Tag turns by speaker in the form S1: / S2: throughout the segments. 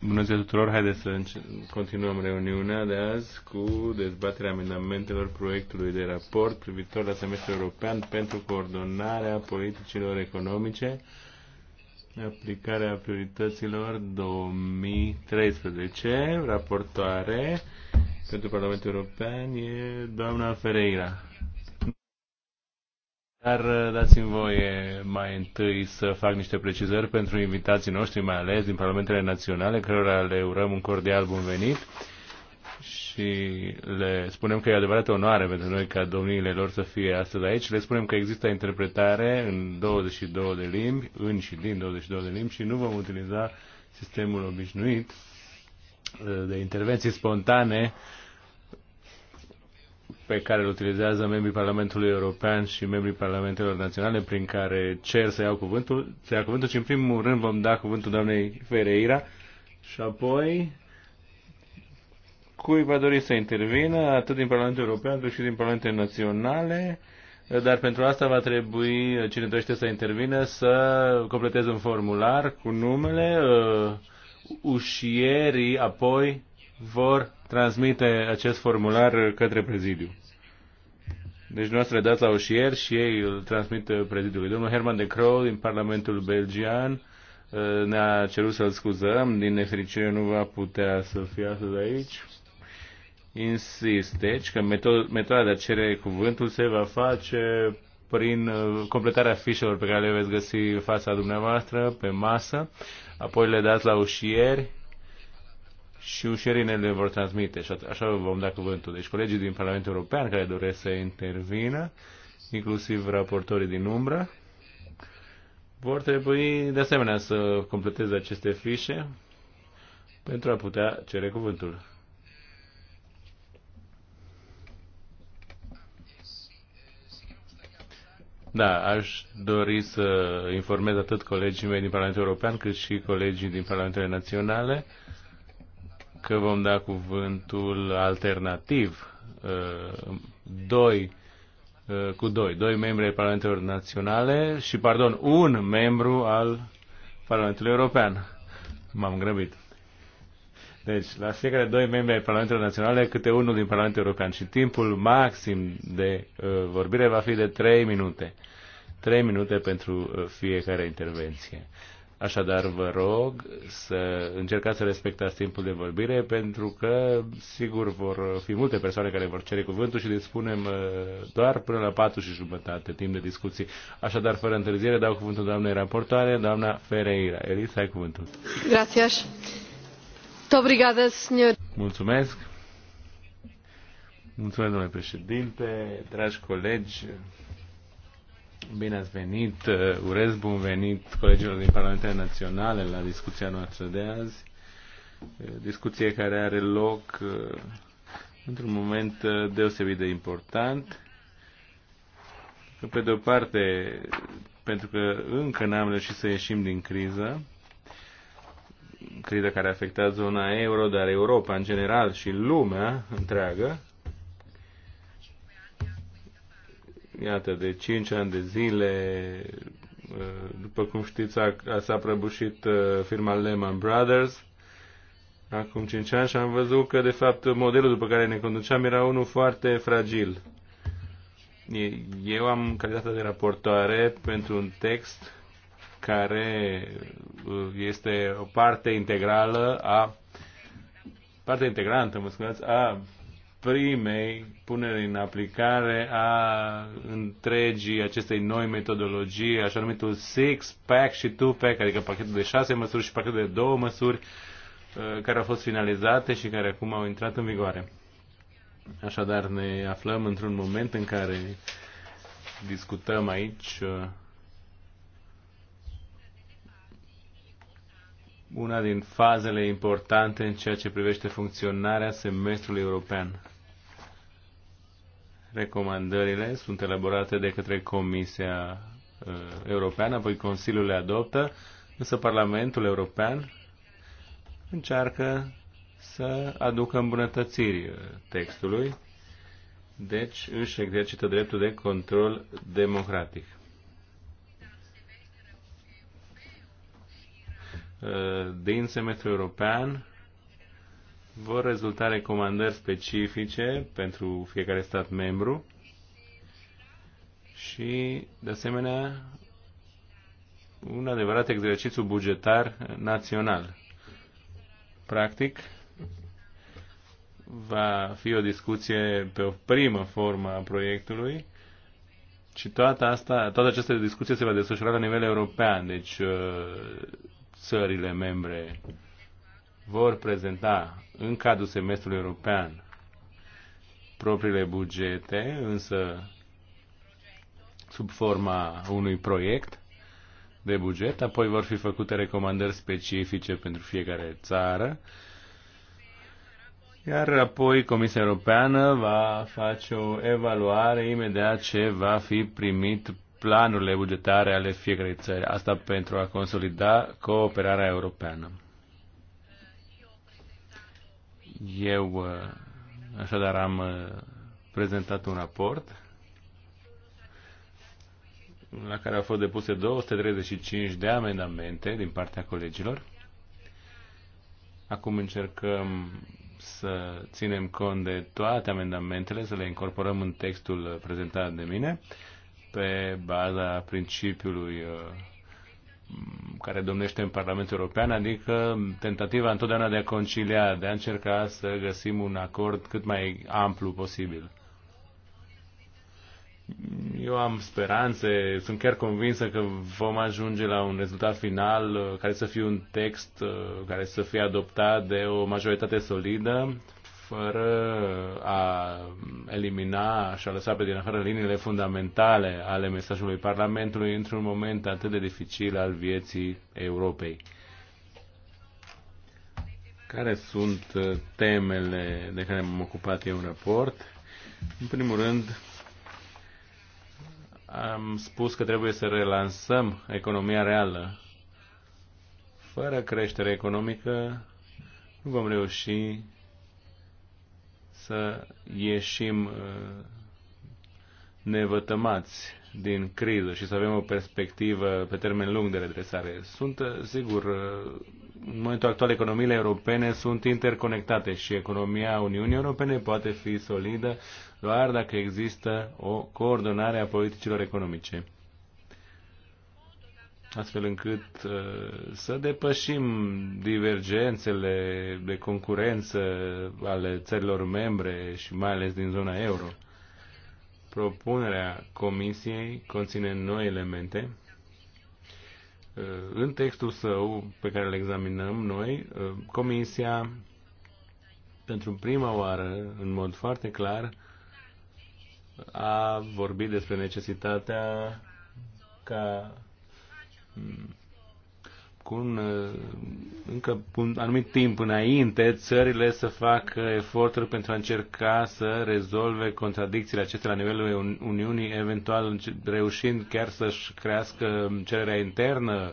S1: Bună ziua tuturor, haideți să continuăm reuniunea de azi cu dezbaterea amendamentelor proiectului de raport privitor la semestrul european pentru coordonarea politicilor economice, aplicarea priorităților 2013, raportoare pentru Parlamentul European e doamna Ferreira. Dar uh, dați-mi voie mai întâi să fac niște precizări pentru invitații noștri, mai ales din Parlamentele Naționale, cărora le urăm un cordial bun venit și le spunem că e adevărat onoare pentru noi ca domniile lor să fie astăzi aici. Le spunem că există interpretare în 22 de limbi, în și din 22 de limbi și nu vom utiliza sistemul obișnuit uh, de intervenții spontane pe care îl utilizează membrii Parlamentului European și membrii Parlamentelor Naționale prin care cer să iau cuvântul, să iau cuvântul și în primul rând vom da cuvântul doamnei Ferreira și apoi cui va dori să intervină, atât din Parlamentul European cât și din Parlamentele Naționale, dar pentru asta va trebui cine dorește să intervină să completeze un formular cu numele, uh, ușierii apoi vor transmite acest formular către prezidiu. Deci noastră dați la oșier și ei îl transmit prezidiului. Domnul Herman de Croo din Parlamentul Belgian eh, ne-a cerut să-l scuzăm. Din nefericire nu va putea să fie astăzi aici. Insist, deci, că metoda de a cere cuvântul se va face prin eh, completarea fișelor pe care le veți găsi fața dumneavoastră pe masă, apoi le dați la ușieri și ușerii ne le vor transmite și așa vom da cuvântul. Deci colegii din Parlamentul European care doresc să intervină, inclusiv raportorii din umbră, vor trebui de asemenea să completeze aceste fișe pentru a putea cere cuvântul. Da, aș dori să informez atât colegii mei din Parlamentul European cât și colegii din Parlamentele Naționale că vom da cuvântul alternativ uh, doi, uh, cu doi, doi membri ai Parlamentelor Naționale și, pardon, un membru al Parlamentului European. M-am grăbit. Deci, la fiecare doi membri ai Parlamentelor Naționale, câte unul din Parlamentul European și timpul maxim de uh, vorbire va fi de trei minute. Trei minute pentru uh, fiecare intervenție. Uh, Așadar, vă rog să încercați să respectați timpul de vorbire, pentru că, sigur, vor fi multe persoane care vor cere cuvântul și spunem uh, doar până la patru și jumătate timp de discuții. Așadar, fără întârziere, dau cuvântul doamnei raportoare, doamna Ferreira. Elisa, ai cuvântul.
S2: Gracias. Obrigada, senhor.
S1: Mulțumesc. Mulțumesc, domnule președinte, dragi colegi. Bine ați venit, uh, urez bun venit colegilor din Parlamentele Naționale la discuția noastră de azi. Discuție care are loc uh, într-un moment uh, deosebit de important. Pe de o parte, pentru că încă n-am reușit să ieșim din criză, criză care a afectat zona euro, dar Europa în general și lumea întreagă, iată, de 5 ani de zile, uh, după cum știți, s-a prăbușit uh, firma Lehman Brothers, acum 5 ani și am văzut că, de fapt, modelul după care ne conduceam era unul foarte fragil. Eu am calitatea de raportoare pentru un text care uh, este o parte integrală a parte integrantă, mă scuzați, a primei puneri în aplicare a întregii acestei noi metodologii, așa numitul six-pack și two-pack, adică pachetul de șase măsuri și pachetul de două măsuri uh, care au fost finalizate și care acum au intrat în vigoare. Așadar, ne aflăm într-un moment în care discutăm aici uh, una din fazele importante în ceea ce privește funcționarea semestrului european. Recomandările sunt elaborate de către Comisia uh, Europeană, apoi Consiliul le adoptă, însă Parlamentul European încearcă să aducă îmbunătățiri uh, textului, deci își exercită dreptul de control democratic. Uh, din semestrul european vor rezulta recomandări specifice pentru fiecare stat membru și, de asemenea, un adevărat exercițiu bugetar național. Practic, va fi o discuție pe o primă formă a proiectului și toată, asta, toată această discuție se va desfășura la nivel european, deci uh, țările membre vor prezenta în cadrul semestrului european propriile bugete, însă sub forma unui proiect de buget, apoi vor fi făcute recomandări specifice pentru fiecare țară, iar apoi Comisia Europeană va face o evaluare imediat ce va fi primit planurile bugetare ale fiecărei țări, asta pentru a consolida cooperarea europeană. Eu uh, așadar am uh, prezentat un raport la care au fost depuse 235 de amendamente din partea colegilor. Acum încercăm să ținem cont de toate amendamentele, să le incorporăm în textul prezentat de mine, pe baza principiului uh, care domnește în Parlamentul European, adică tentativa întotdeauna de a concilia, de a încerca să găsim un acord cât mai amplu posibil. Eu am speranțe, sunt chiar convinsă că vom ajunge la un rezultat final uh, care să fie un text uh, care să fie adoptat de o majoritate solidă fără a elimina și a lăsa pe din afară liniile fundamentale ale mesajului Parlamentului într-un moment atât de dificil al vieții Europei. Care sunt uh, temele de care m-am ocupat eu în raport? În primul rând, am spus că trebuie să relansăm economia reală. Fără creștere economică, nu vom reuși să ieșim uh, nevătămați din criză și să avem o perspectivă pe termen lung de redresare. Sunt, uh, sigur, uh, în momentul actual economiile europene sunt interconectate și economia Uniunii Europene poate fi solidă doar dacă există o coordonare a politicilor economice astfel încât uh, să depășim divergențele de concurență ale țărilor membre și mai ales din zona euro. Propunerea Comisiei conține noi elemente. Uh, în textul său pe care îl examinăm noi, uh, Comisia, pentru prima oară, în mod foarte clar, a vorbit despre necesitatea ca Mm. cu un, uh, încă un anumit timp înainte, țările să facă eforturi pentru a încerca să rezolve contradicțiile acestea la nivelul Uniunii, eventual reușind chiar să-și crească cererea internă,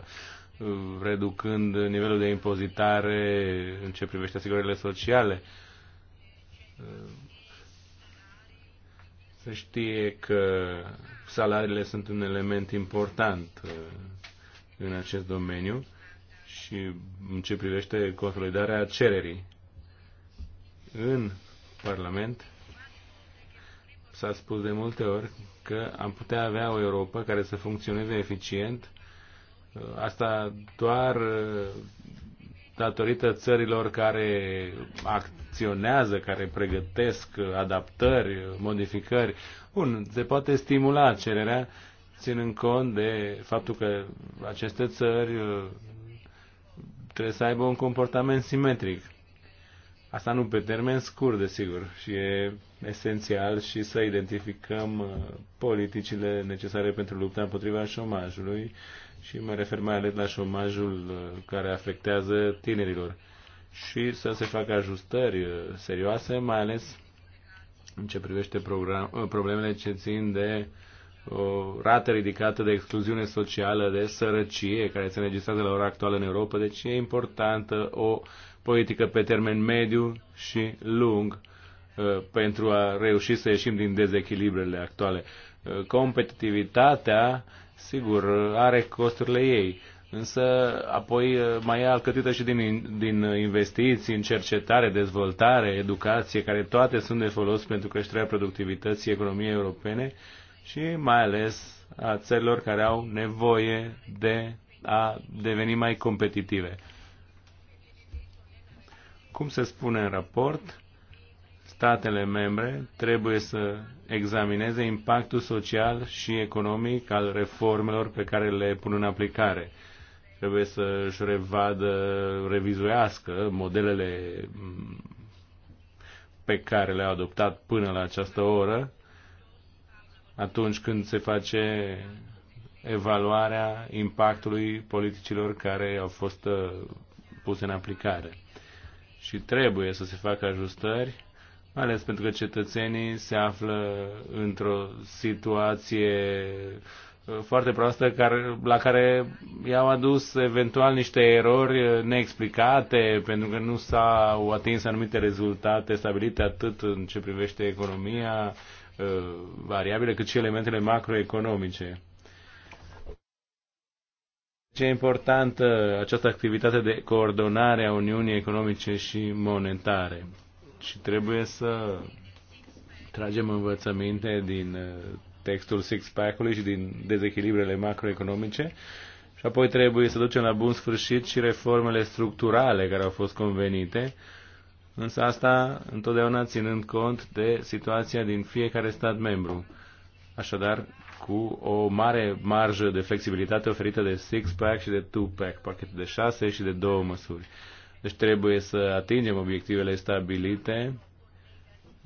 S1: uh, reducând nivelul de impozitare în ce privește asigurările sociale. Uh, se știe că salariile sunt un element important în acest domeniu și în ce privește consolidarea cererii. În Parlament s-a spus de multe ori că am putea avea o Europa care să funcționeze eficient, uh, asta doar uh, datorită țărilor care acționează, care pregătesc adaptări, modificări. Bun, se poate stimula cererea, ținând cont de faptul că aceste țări uh, trebuie să aibă un comportament simetric. Asta nu pe termen scurt, desigur, și e esențial și să identificăm uh, politicile necesare pentru lupta împotriva șomajului și mă refer mai ales la șomajul uh, care afectează tinerilor și să se facă ajustări serioase, mai ales în ce privește program, problemele ce țin de uh, rate rată ridicată de excluziune socială, de sărăcie, care se înregistrează la ora actuală în Europa. Deci e importantă o politică pe termen mediu și lung uh, pentru a reuși să ieșim din dezechilibrele actuale. Uh, competitivitatea, sigur, are costurile ei, însă apoi uh, mai e alcătită și din, din investiții în cercetare, dezvoltare, educație, care toate sunt de folos pentru creșterea productivității economiei europene și mai ales a țărilor care au nevoie de a deveni mai competitive. Cum se spune în raport, statele membre trebuie să examineze impactul social și economic al reformelor pe care le pun în aplicare. Trebuie să își revadă, revizuiască modelele mm, pe care le-au adoptat până la această oră atunci când se face evaluarea impactului politicilor care au fost uh, puse în aplicare. Și trebuie să se facă ajustări, mai ales pentru că cetățenii se află într-o situație uh, foarte proastă care, la care i-au adus eventual niște erori uh, neexplicate pentru că nu s-au atins anumite rezultate stabilite atât în ce privește economia, Uh, variabile, cât și elementele macroeconomice. Ce e importantă această activitate de coordonare a Uniunii Economice și Monetare și trebuie să tragem învățăminte din uh, textul six-pack-ului și din dezechilibrele macroeconomice și apoi trebuie să ducem la bun sfârșit și reformele structurale care au fost convenite, însă asta întotdeauna ținând cont de situația din fiecare stat membru. Așadar, cu o mare marjă de flexibilitate oferită de six-pack și de two-pack, pachete de șase și de două măsuri. Deci trebuie să atingem obiectivele stabilite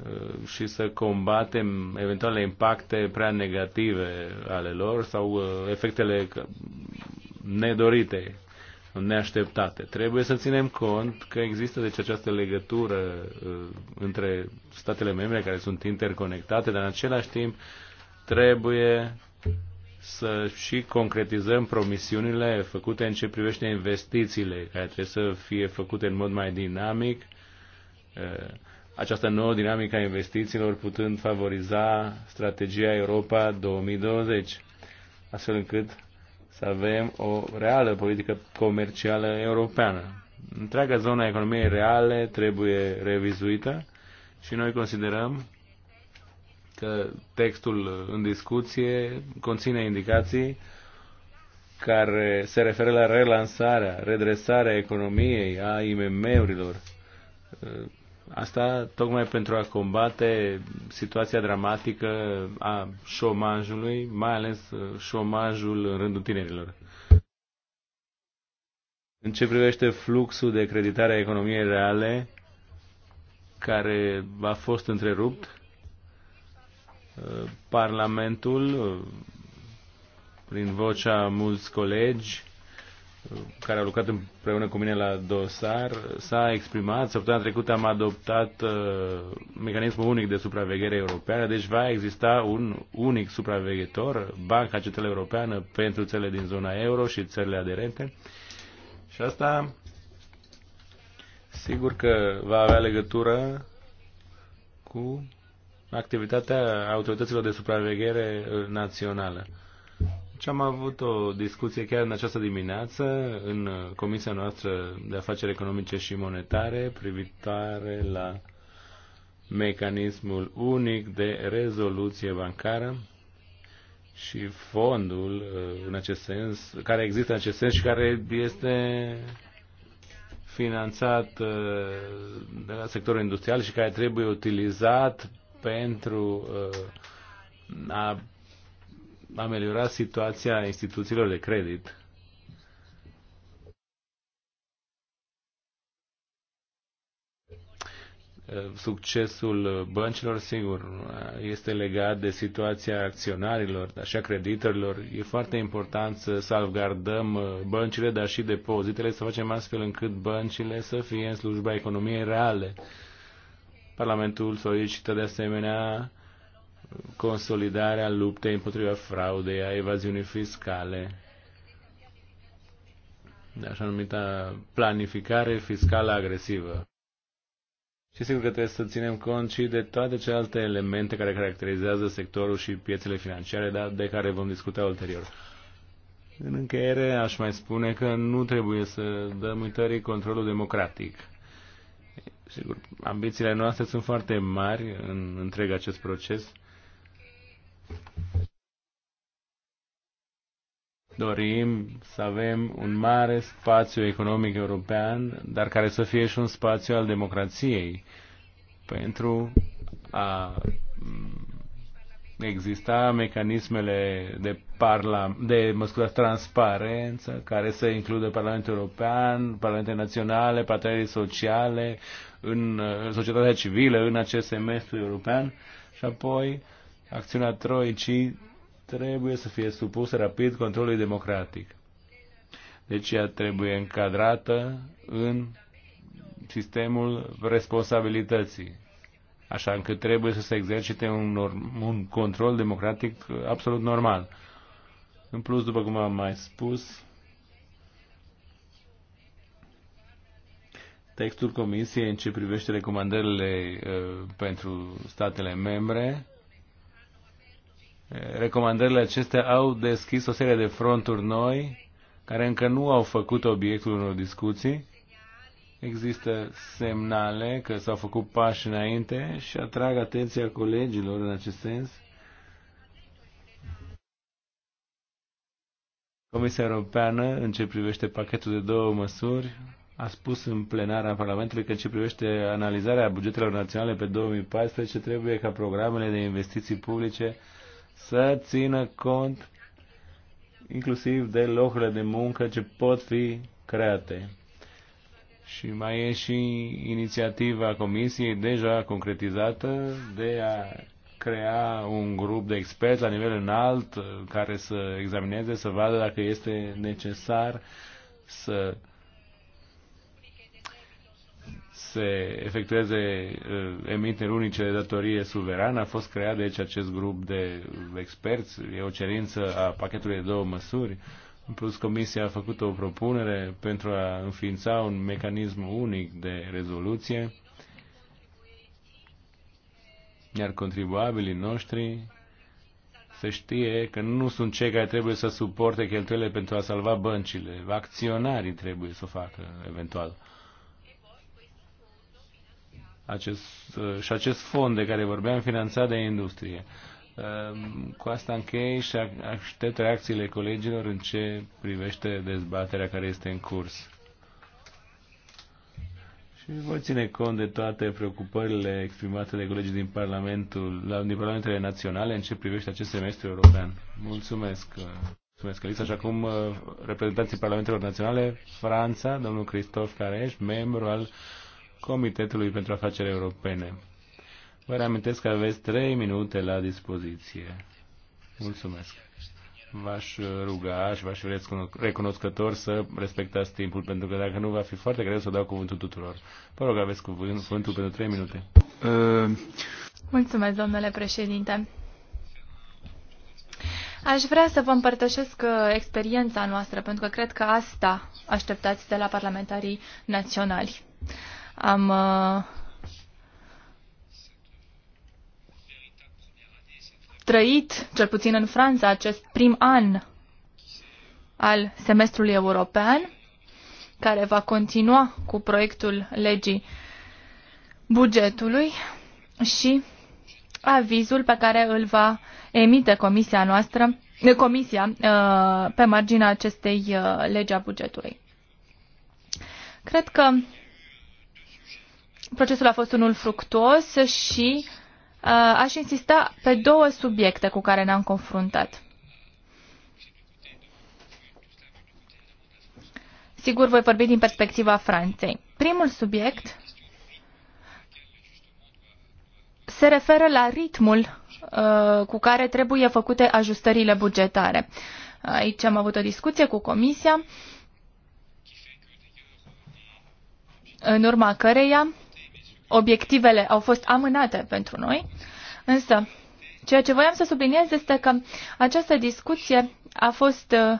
S1: uh, și să combatem eventuale impacte prea negative ale lor sau uh, efectele nedorite neașteptate. Trebuie să ținem cont că există deci această legătură uh, între statele membre care sunt interconectate, dar în același timp trebuie să și concretizăm promisiunile făcute în ce privește investițiile, care trebuie să fie făcute în mod mai dinamic, uh, această nouă dinamică a investițiilor putând favoriza strategia Europa 2020, astfel încât să avem o reală politică comercială europeană. Întreaga zona economiei reale trebuie revizuită și noi considerăm că textul în discuție conține indicații care se referă la relansarea, redresarea economiei, a IMM-urilor, Asta tocmai pentru a combate situația dramatică a șomajului, mai ales uh, șomajul în rândul tinerilor. În ce privește fluxul de creditare a economiei reale, care a fost întrerupt, uh, Parlamentul, uh, prin vocea mulți colegi, care a lucrat împreună cu mine la dosar s-a exprimat. Săptămâna trecută am adoptat uh, mecanismul unic de supraveghere europeană, deci va exista un unic supraveghetor, Banca Centrală Europeană, pentru țările din zona euro și țările aderente. Și asta sigur că va avea legătură cu activitatea autorităților de supraveghere uh, națională. Și deci am avut o discuție chiar în această dimineață în Comisia noastră de afaceri economice și monetare privitoare la mecanismul unic de rezoluție bancară și fondul uh, în acest sens, care există în acest sens și care este finanțat uh, de la sectorul industrial și care trebuie utilizat pentru uh, a ameliora situația instituțiilor de credit. Succesul băncilor, sigur, este legat de situația acționarilor, dar și a creditorilor. E foarte important să salvgardăm băncile, dar și depozitele, să facem astfel încât băncile să fie în slujba economiei reale. Parlamentul solicită de asemenea consolidarea luptei împotriva fraudei, a evaziunii fiscale, de așa numită planificare fiscală agresivă. Și sigur că trebuie să ținem cont și de toate celelalte elemente care caracterizează sectorul și piețele financiare, dar de care vom discuta ulterior. În încheiere, aș mai spune că nu trebuie să dăm uitării controlul democratic. Sigur, ambițiile noastre sunt foarte mari în întreg acest proces, Dorim să avem un mare spațiu economic european, dar care să fie și un spațiu al democrației pentru a mm, exista mecanismele de, parla, de mă transparență care să includă Parlamentul European, Parlamente Naționale, parteneri sociale, în societatea civilă, în acest semestru european și apoi acțiunea Troicii trebuie să fie supusă rapid controlului democratic. Deci ea trebuie încadrată în sistemul responsabilității, așa încât trebuie să se exercite un, un control democratic absolut normal. În plus, după cum am mai spus, textul Comisiei în ce privește recomandările uh, pentru statele membre Recomandările acestea au deschis o serie de fronturi noi care încă nu au făcut obiectul unor discuții. Există semnale că s-au făcut pași înainte și atrag atenția colegilor în acest sens. Comisia Europeană, în ce privește pachetul de două măsuri, a spus în plenara Parlamentului că în ce privește analizarea bugetelor naționale pe 2014 trebuie ca programele de investiții publice să țină cont inclusiv de locurile de muncă ce pot fi create. Și mai e și inițiativa Comisiei deja concretizată de a crea un grup de experți la nivel înalt uh, care să examineze, să vadă dacă este necesar să se efectueze uh, emiteri unice de datorie suverană. A fost creat deci acest grup de experți. E o cerință a pachetului de două măsuri. În plus, Comisia a făcut o propunere pentru a înființa un mecanism unic de rezoluție, iar contribuabilii noștri se știe că nu sunt cei care trebuie să suporte cheltuielile pentru a salva băncile. Acționarii trebuie să o facă, eventual acest, uh, și acest fond de care vorbeam finanțat de industrie. Um, cu asta închei și aștept reacțiile colegilor în ce privește dezbaterea care este în curs. Și voi ține cont de toate preocupările exprimate de colegii din, Parlamentul, la, din Parlamentele Naționale în ce privește acest semestru european. Mulțumesc! Uh, mulțumesc, Alisa. Și acum uh, reprezentanții Parlamentelor Naționale, Franța, domnul Cristof Careș, membru al Comitetului pentru Afaceri Europene. Vă reamintesc că aveți trei minute la dispoziție. Mulțumesc. V-aș ruga și v-aș fi recunoscător să respectați timpul, pentru că dacă nu va fi foarte greu să dau cuvântul tuturor. Vă rog, aveți cuvânt, cuvântul pentru trei minute.
S2: Uh.
S3: Mulțumesc, domnule președinte. Aș vrea să vă împărtășesc uh, experiența noastră, pentru că cred că asta așteptați de la parlamentarii naționali. Am uh, trăit, cel puțin în Franța, acest prim an al semestrului european, care va continua cu proiectul legii bugetului și avizul pe care îl va emite comisia noastră, eh, comisia eh, pe marginea acestei eh, legi a bugetului. Cred că Procesul a fost unul fructuos și uh, aș insista pe două subiecte cu care ne-am confruntat. Sigur, voi vorbi din perspectiva Franței. Primul subiect se referă la ritmul uh, cu care trebuie făcute ajustările bugetare. Aici am avut o discuție cu Comisia, în urma căreia obiectivele au fost amânate pentru noi, însă ceea ce voiam să subliniez este că această discuție a fost uh,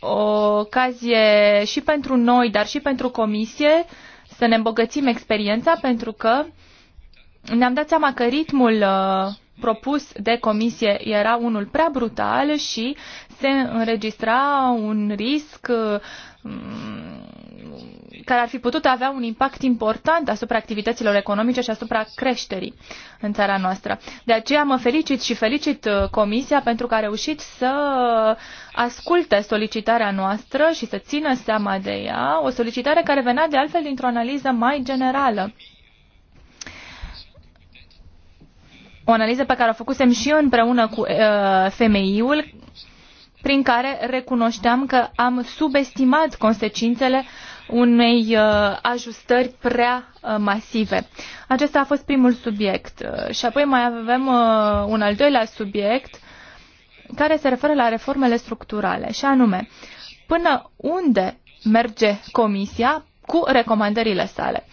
S3: o ocazie și pentru noi, dar și pentru comisie să ne îmbogățim experiența pentru că ne-am dat seama că ritmul uh, propus de comisie era unul prea brutal și se înregistra un risc uh, care ar fi putut avea un impact important asupra activităților economice și asupra creșterii în țara noastră. De aceea mă felicit și felicit uh, Comisia pentru că a reușit să asculte solicitarea noastră și să țină seama de ea, o solicitare care venea de altfel dintr-o analiză mai generală. O analiză pe care o făcusem și eu împreună cu uh, femeiul, prin care recunoșteam că am subestimat consecințele unei uh, ajustări prea uh, masive. Acesta a fost primul subiect. Uh, și apoi mai avem un al doilea subiect care se referă la reformele structurale, și anume, până unde merge Comisia cu recomandările sale.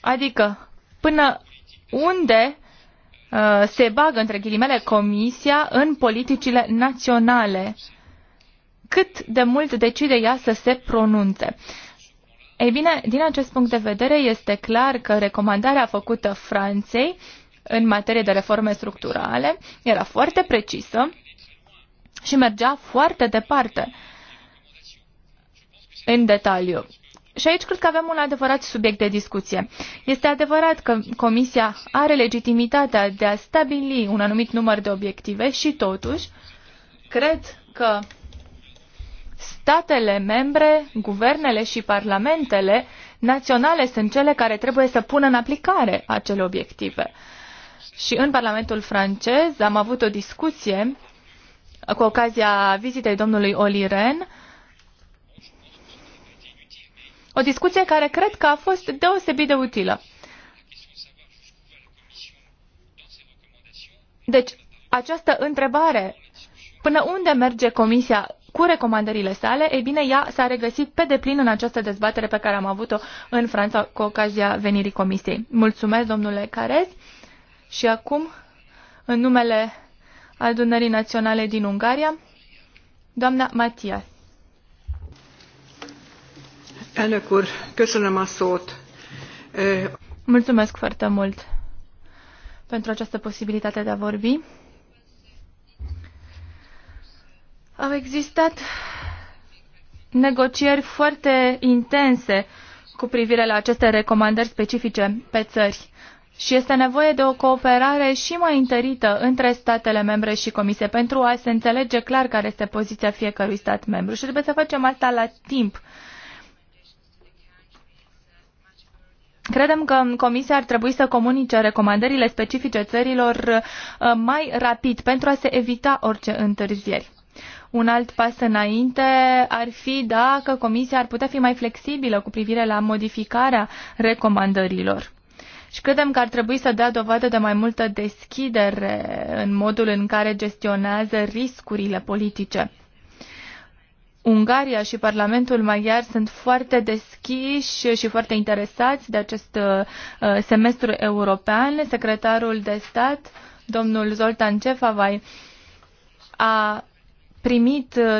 S3: Adică, până unde Uh, se bagă, între ghilimele, Comisia în politicile naționale. Cât de mult decide ea să se pronunțe? Ei bine, din acest punct de vedere, este clar că recomandarea făcută Franței în materie de reforme structurale era foarte precisă și mergea foarte departe în detaliu. Și aici cred că avem un adevărat subiect de discuție. Este adevărat că Comisia are legitimitatea de a stabili un anumit număr de obiective și totuși cred că statele membre, guvernele și parlamentele naționale sunt cele care trebuie să pună în aplicare acele obiective. Și în Parlamentul francez am avut o discuție cu ocazia vizitei domnului Oli Rennes o discuție care cred că a fost deosebit de utilă. Deci, această întrebare, până unde merge Comisia cu recomandările sale, ei bine, ea s-a regăsit pe deplin în această dezbatere pe care am avut-o în Franța cu ocazia venirii Comisiei. Mulțumesc, domnule Carez. Și acum, în numele adunării naționale din Ungaria, doamna Matias. Mulțumesc foarte mult pentru această posibilitate de a vorbi. Au existat negocieri foarte intense cu privire la aceste recomandări specifice pe țări și este nevoie de o cooperare și mai întărită între statele membre și comisie pentru a se înțelege clar care este poziția fiecărui stat membru și trebuie să facem asta la timp Credem că Comisia ar trebui să comunice recomandările specifice țărilor uh, mai rapid pentru a se evita orice întârzieri. Un alt pas înainte ar fi dacă Comisia ar putea fi mai flexibilă cu privire la modificarea recomandărilor. Și credem că ar trebui să dea dovadă de mai multă deschidere în modul în care gestionează riscurile politice. Ungaria și Parlamentul Maghiar sunt foarte deschiși și foarte interesați de acest uh, semestru european. Secretarul de stat, domnul Zoltan Cefavai, a primit uh,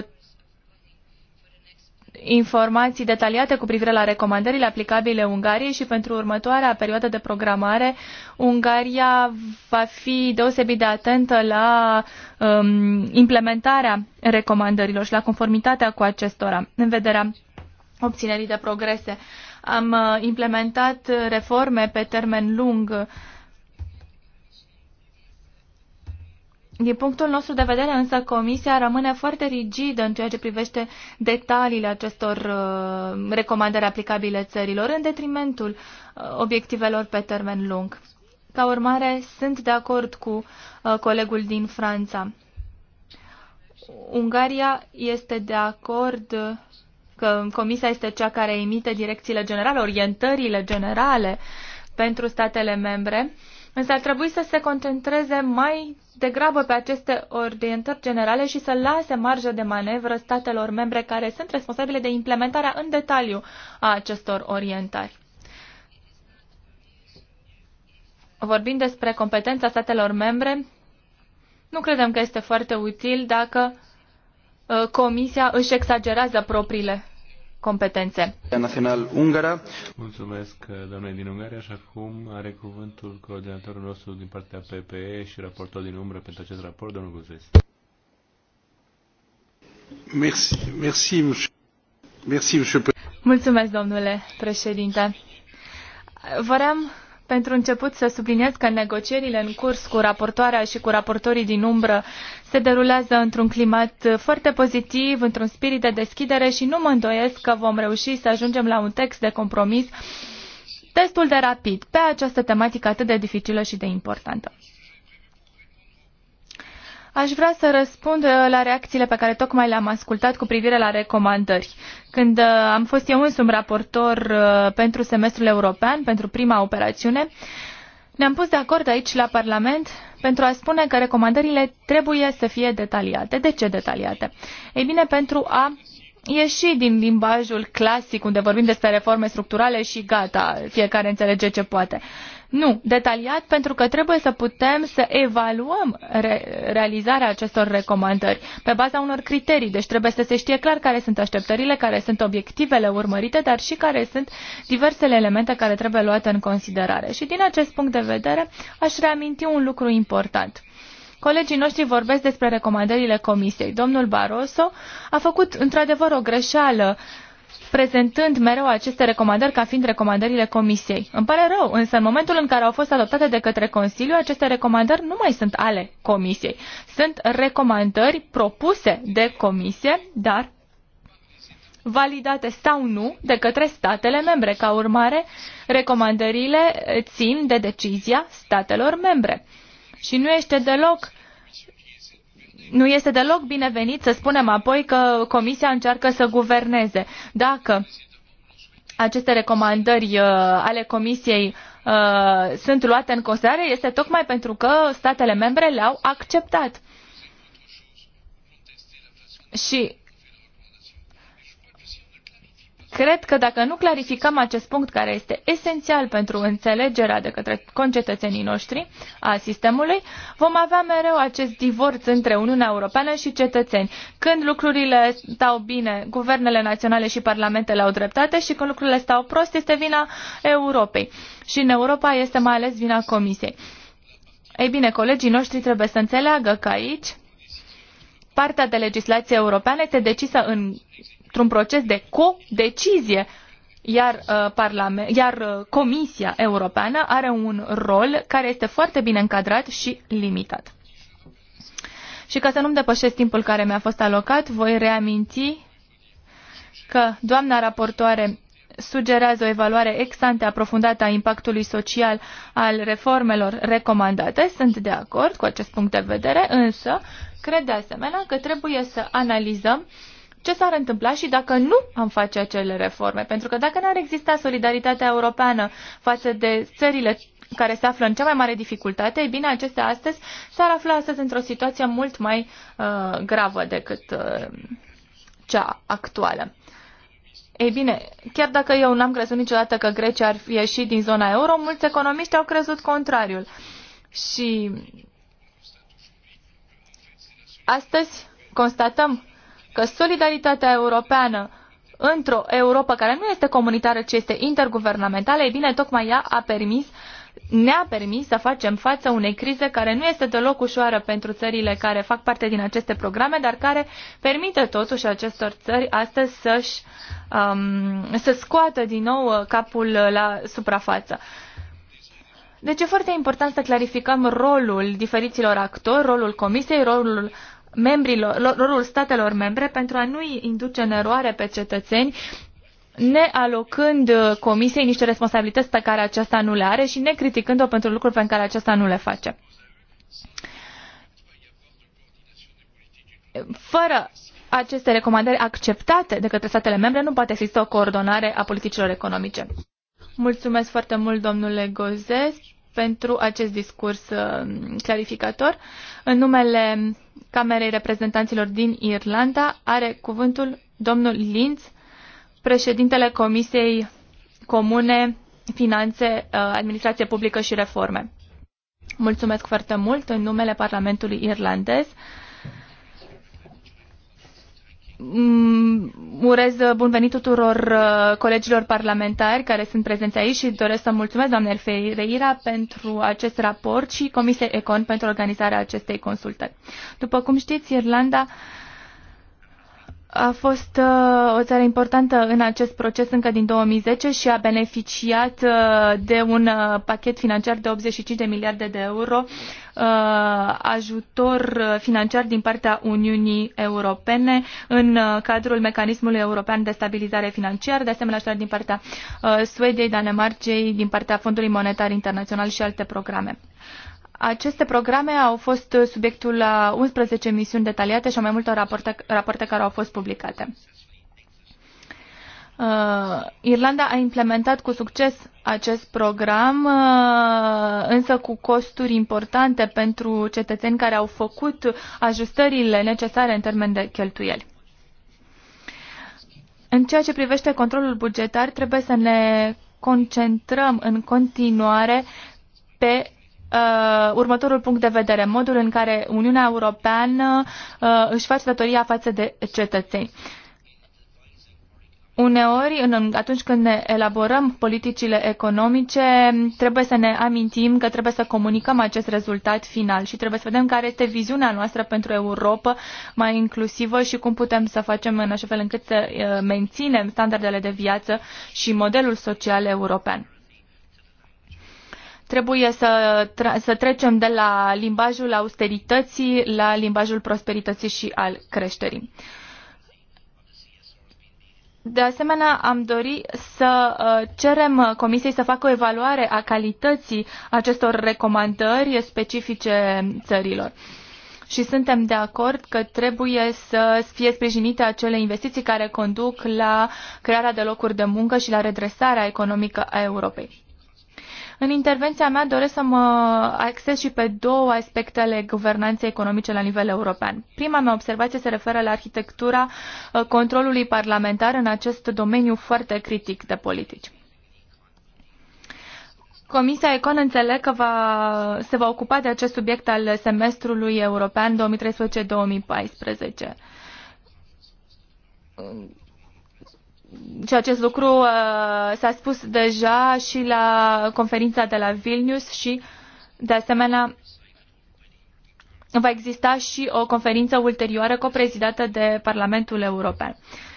S3: informații detaliate cu privire la recomandările aplicabile Ungariei și pentru următoarea perioadă de programare, Ungaria va fi deosebit de atentă la um, implementarea recomandărilor și la conformitatea cu acestora în vederea obținerii de progrese. Am uh, implementat reforme pe termen lung Din punctul nostru de vedere, însă, Comisia rămâne foarte rigidă în ceea ce privește detaliile acestor uh, recomandări aplicabile țărilor, în detrimentul uh, obiectivelor pe termen lung. Ca urmare, sunt de acord cu uh, colegul din Franța. Ungaria este de acord uh, că Comisia este cea care emite direcțiile generale, orientările generale pentru statele membre. Însă ar trebui să se concentreze mai degrabă pe aceste orientări generale și să lase marjă de manevră statelor membre care sunt responsabile de implementarea în detaliu a acestor orientări. Vorbind despre competența statelor membre, nu credem că este foarte util dacă uh, Comisia își exagerează propriile competențe. Național
S1: Ungara. Mulțumesc, uh, doamne din Ungaria, și acum are cuvântul coordonatorul nostru din partea PPE și raportor din umbră pentru acest raport, domnul Guzes.
S2: Merci, merci, merci,
S3: Mulțumesc, domnule președinte. Vreau pentru început să subliniez că negocierile în curs cu raportoarea și cu raportorii din umbră se derulează într-un climat foarte pozitiv, într-un spirit de deschidere și nu mă îndoiesc că vom reuși să ajungem la un text de compromis destul de rapid pe această tematică atât de dificilă și de importantă. Aș vrea să răspund uh, la reacțiile pe care tocmai le-am ascultat cu privire la recomandări. Când uh, am fost eu însumi raportor uh, pentru semestrul european, pentru prima operațiune, ne-am pus de acord aici la Parlament pentru a spune că recomandările trebuie să fie detaliate. De ce detaliate? Ei bine, pentru a ieși din limbajul clasic unde vorbim despre reforme structurale și gata, fiecare înțelege ce poate. Nu, detaliat pentru că trebuie să putem să evaluăm re- realizarea acestor recomandări pe baza unor criterii. Deci trebuie să se știe clar care sunt așteptările, care sunt obiectivele urmărite, dar și care sunt diversele elemente care trebuie luate în considerare. Și din acest punct de vedere aș reaminti un lucru important. Colegii noștri vorbesc despre recomandările comisiei. Domnul Barroso a făcut într-adevăr o greșeală uh, prezentând mereu aceste recomandări ca fiind recomandările Comisiei. Îmi pare rău, însă în momentul în care au fost adoptate de către Consiliu, aceste recomandări nu mai sunt ale Comisiei. Sunt recomandări propuse de Comisie, dar validate sau nu de către statele membre. Ca urmare, recomandările țin de decizia statelor membre. Și nu este deloc nu este deloc binevenit să spunem apoi că Comisia încearcă să guverneze. Dacă aceste recomandări uh, ale Comisiei uh, sunt luate în considerare, este tocmai pentru că statele membre le-au acceptat. Și cred că dacă nu clarificăm acest punct care este esențial pentru înțelegerea de către concetățenii noștri a sistemului, vom avea mereu acest divorț între Uniunea Europeană și cetățeni. Când lucrurile stau bine, guvernele naționale și parlamentele au dreptate și când lucrurile stau prost, este vina Europei. Și în Europa este mai ales vina Comisiei. Ei bine, colegii noștri trebuie să înțeleagă că aici partea de legislație europeană este decisă în într-un proces de co-decizie, iar, uh, parlament, iar uh, Comisia Europeană are un rol care este foarte bine încadrat și limitat. Și ca să nu-mi depășesc timpul care mi-a fost alocat, voi reaminti că doamna raportoare sugerează o evaluare ex ante aprofundată a impactului social al reformelor recomandate. Sunt de acord cu acest punct de vedere, însă cred de asemenea că trebuie să analizăm uh, ce s-ar întâmpla și dacă nu am face acele reforme. Pentru că dacă n-ar exista solidaritatea europeană față de țările care se află în cea mai mare dificultate, ei bine, acestea astăzi s-ar afla astăzi într-o situație mult mai uh, gravă decât uh, cea actuală. Ei bine, chiar dacă eu n-am crezut niciodată că Grecia ar fi ieșit din zona euro, mulți economiști au crezut contrariul. Și astăzi constatăm că solidaritatea europeană într-o Europa care nu este comunitară, ci este interguvernamentală, e bine, tocmai ea a permis ne-a permis să facem față unei crize care nu este deloc ușoară pentru țările care fac parte din aceste programe, dar care permite totuși acestor țări astăzi să-și um, să scoată din nou uh, capul la suprafață. deci e foarte important să clarificăm rolul diferiților actori, rolul Comisiei, rolul membrilor, rolul statelor membre pentru a nu-i induce în eroare pe cetățeni ne alocând uh, Comisiei niște responsabilități pe care aceasta nu le are și ne criticând-o pentru lucruri pe care aceasta nu le face. Fără aceste recomandări acceptate de către statele membre, nu poate exista o coordonare a politicilor economice. Mulțumesc foarte mult, domnule Gozes, pentru acest discurs uh, clarificator. În numele Camerei Reprezentanților din Irlanda are cuvântul domnul Linz, președintele Comisiei Comune, Finanțe, uh, Administrație Publică și Reforme. Mulțumesc foarte mult în numele Parlamentului Irlandez. Mm, urez bun venit tuturor uh, colegilor parlamentari care sunt prezenți aici și doresc să mulțumesc doamnei Ferreira pentru acest raport și Comisiei Econ pentru organizarea acestei consultări. După cum știți, Irlanda a fost uh, o țară importantă în acest proces încă din 2010 și a beneficiat uh, de un uh, pachet financiar de 85 de miliarde de euro uh, ajutor uh, financiar din partea Uniunii Europene în uh, cadrul mecanismului european de stabilizare financiară, de asemenea și din partea Suediei, Danemarcei, din partea Fondului Monetar Internațional și alte programe. Aceste programe au fost subiectul la uh, 11 misiuni detaliate și a mai multor rapoarte, rapoarte care au fost publicate. Uh, Irlanda a implementat cu succes acest program, uh, însă cu costuri importante pentru cetățeni care au făcut ajustările necesare în termen de cheltuieli. În ceea ce privește controlul bugetar, trebuie să ne concentrăm în continuare pe uh, următorul punct de vedere, modul în care Uniunea Europeană uh, își face datoria față de cetățeni. Uneori, în, atunci când ne elaborăm politicile economice, trebuie să ne amintim că trebuie să comunicăm acest rezultat final și trebuie să vedem care este viziunea noastră pentru Europa mai inclusivă și cum putem să facem în așa fel încât să uh, menținem standardele de viață și modelul social european. Trebuie să, să trecem de la limbajul austerității la limbajul prosperității și al creșterii. De asemenea, am dori să uh, cerem Comisiei să facă o evaluare a calității acestor recomandări specifice țărilor. Și suntem de acord că trebuie să fie sprijinite acele investiții care conduc la crearea de locuri de muncă și la redresarea economică a Europei. În intervenția mea doresc să mă acces și pe două aspecte ale guvernanței economice la nivel european. Prima mea observație se referă la arhitectura uh, controlului parlamentar în acest domeniu foarte critic de politici. Comisia Econ înțeleg că va, se va ocupa de acest subiect al semestrului european 2013-2014 și acest lucru uh, s-a spus deja și la conferința de la Vilnius și, de asemenea, va exista și o conferință ulterioară coprezidată de Parlamentul European. Uh,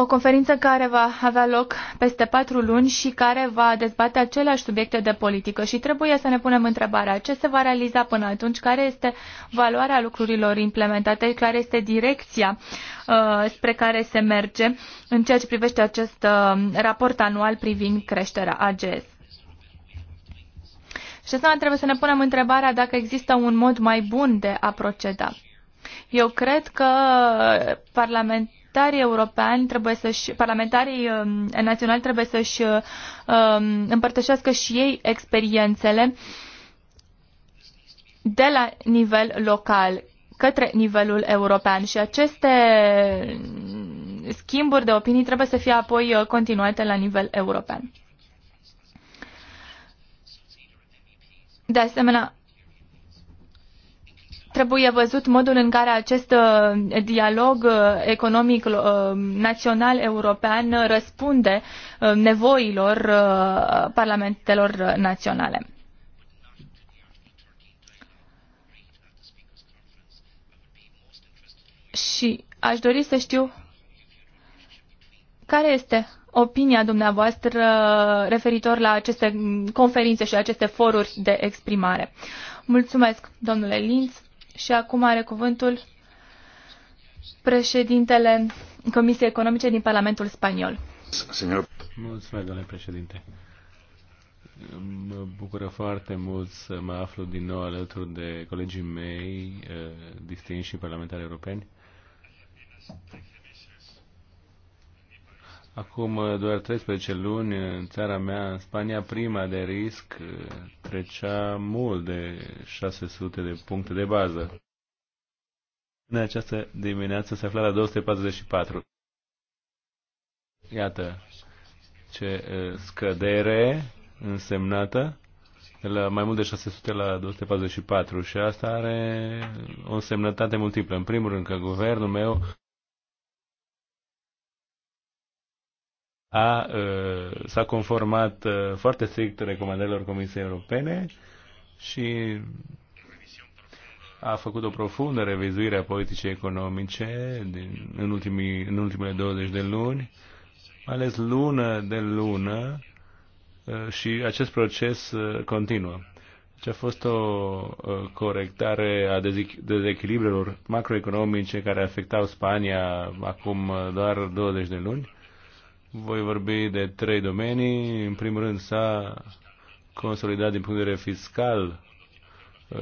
S3: o conferință care va avea loc peste patru luni și care va dezbate aceleași subiecte de politică și trebuie să ne punem întrebarea ce se va realiza până atunci, care este valoarea lucrurilor implementate, care este direcția uh, spre care se merge în ceea ce privește acest uh, raport anual privind creșterea AGS. Și asta trebuie să ne punem întrebarea dacă există un mod mai bun de a proceda. Eu cred că parlament parlamentarii europeni trebuie să-și, parlamentarii um, naționali trebuie să-și um, împărtășească și ei experiențele de la nivel local către nivelul european și aceste schimburi de opinii trebuie să fie apoi uh, continuate la nivel european. De asemenea, trebuie văzut modul în care acest uh, dialog uh, economic uh, național european răspunde nevoilor parlamentelor naționale. Și aș dori să știu care este opinia dumneavoastră referitor la aceste conferințe și aceste foruri de exprimare. Mulțumesc, domnule Linz. Și acum are cuvântul președintele Comisiei Economice din Parlamentul Spaniol.
S1: Mulțumesc, domnule președinte. Mă bucură foarte mult să mă aflu din nou alături de colegii mei, eh, distinși și parlamentari europeni. Acum uh, doar 13 luni, uh, în țara mea, în Spania, prima de risc uh, trecea mult de 600 de puncte de bază. În această dimineață se afla la 244. Iată ce scădere însemnată de la mai mult de 600 la 244 și asta are o semnătate multiplă. În primul rând că guvernul meu a, uh, s-a conformat uh, foarte strict recomandărilor Comisiei Europene și a făcut o profundă revizuire a politicii economice din, în, ultimii, în ultimele 20 de luni, mai ales lună de lună, uh, și acest proces continuă. Deci a fost o corectare a dezechilibrelor macroeconomice care afectau Spania acum doar 20 de luni voi vorbi de trei domenii. În primul rând s-a consolidat din punct de vedere fiscal uh,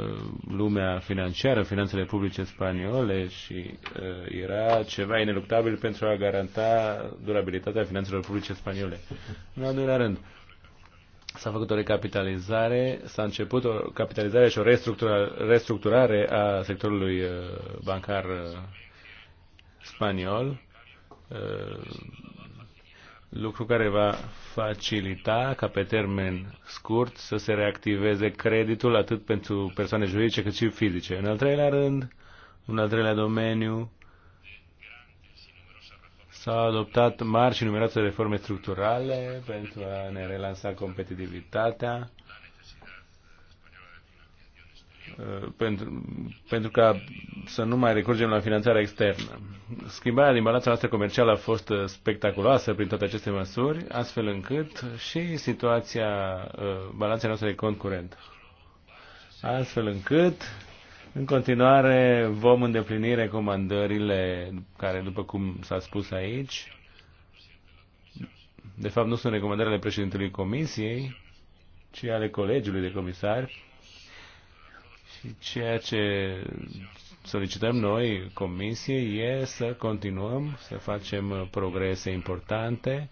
S1: lumea financiară, finanțele publice spaniole și uh, era ceva ineluctabil pentru a garanta durabilitatea finanțelor publice spaniole. În al doilea rând, s-a făcut o recapitalizare, s-a început o capitalizare și o restructurare, restructurare a sectorului uh, bancar spaniol lucru care va facilita ca pe termen scurt să se reactiveze creditul atât pentru persoane juridice cât și fizice. În al treilea rând, în al treilea domeniu, S-au adoptat mari și numeroase reforme structurale pentru a ne relansa competitivitatea Uh, pentru, pentru ca să nu mai recurgem la finanțarea externă. Schimbarea din balanța noastră comercială a fost uh, spectaculoasă prin toate aceste măsuri, astfel încât și situația uh, balanței noastre de cont curent. Astfel încât, în continuare, vom îndeplini recomandările care, după cum s-a spus aici, de fapt nu sunt recomandările președintelui Comisiei, ci ale colegiului de comisari, ceea ce solicităm noi, Comisie, e să continuăm să facem progrese importante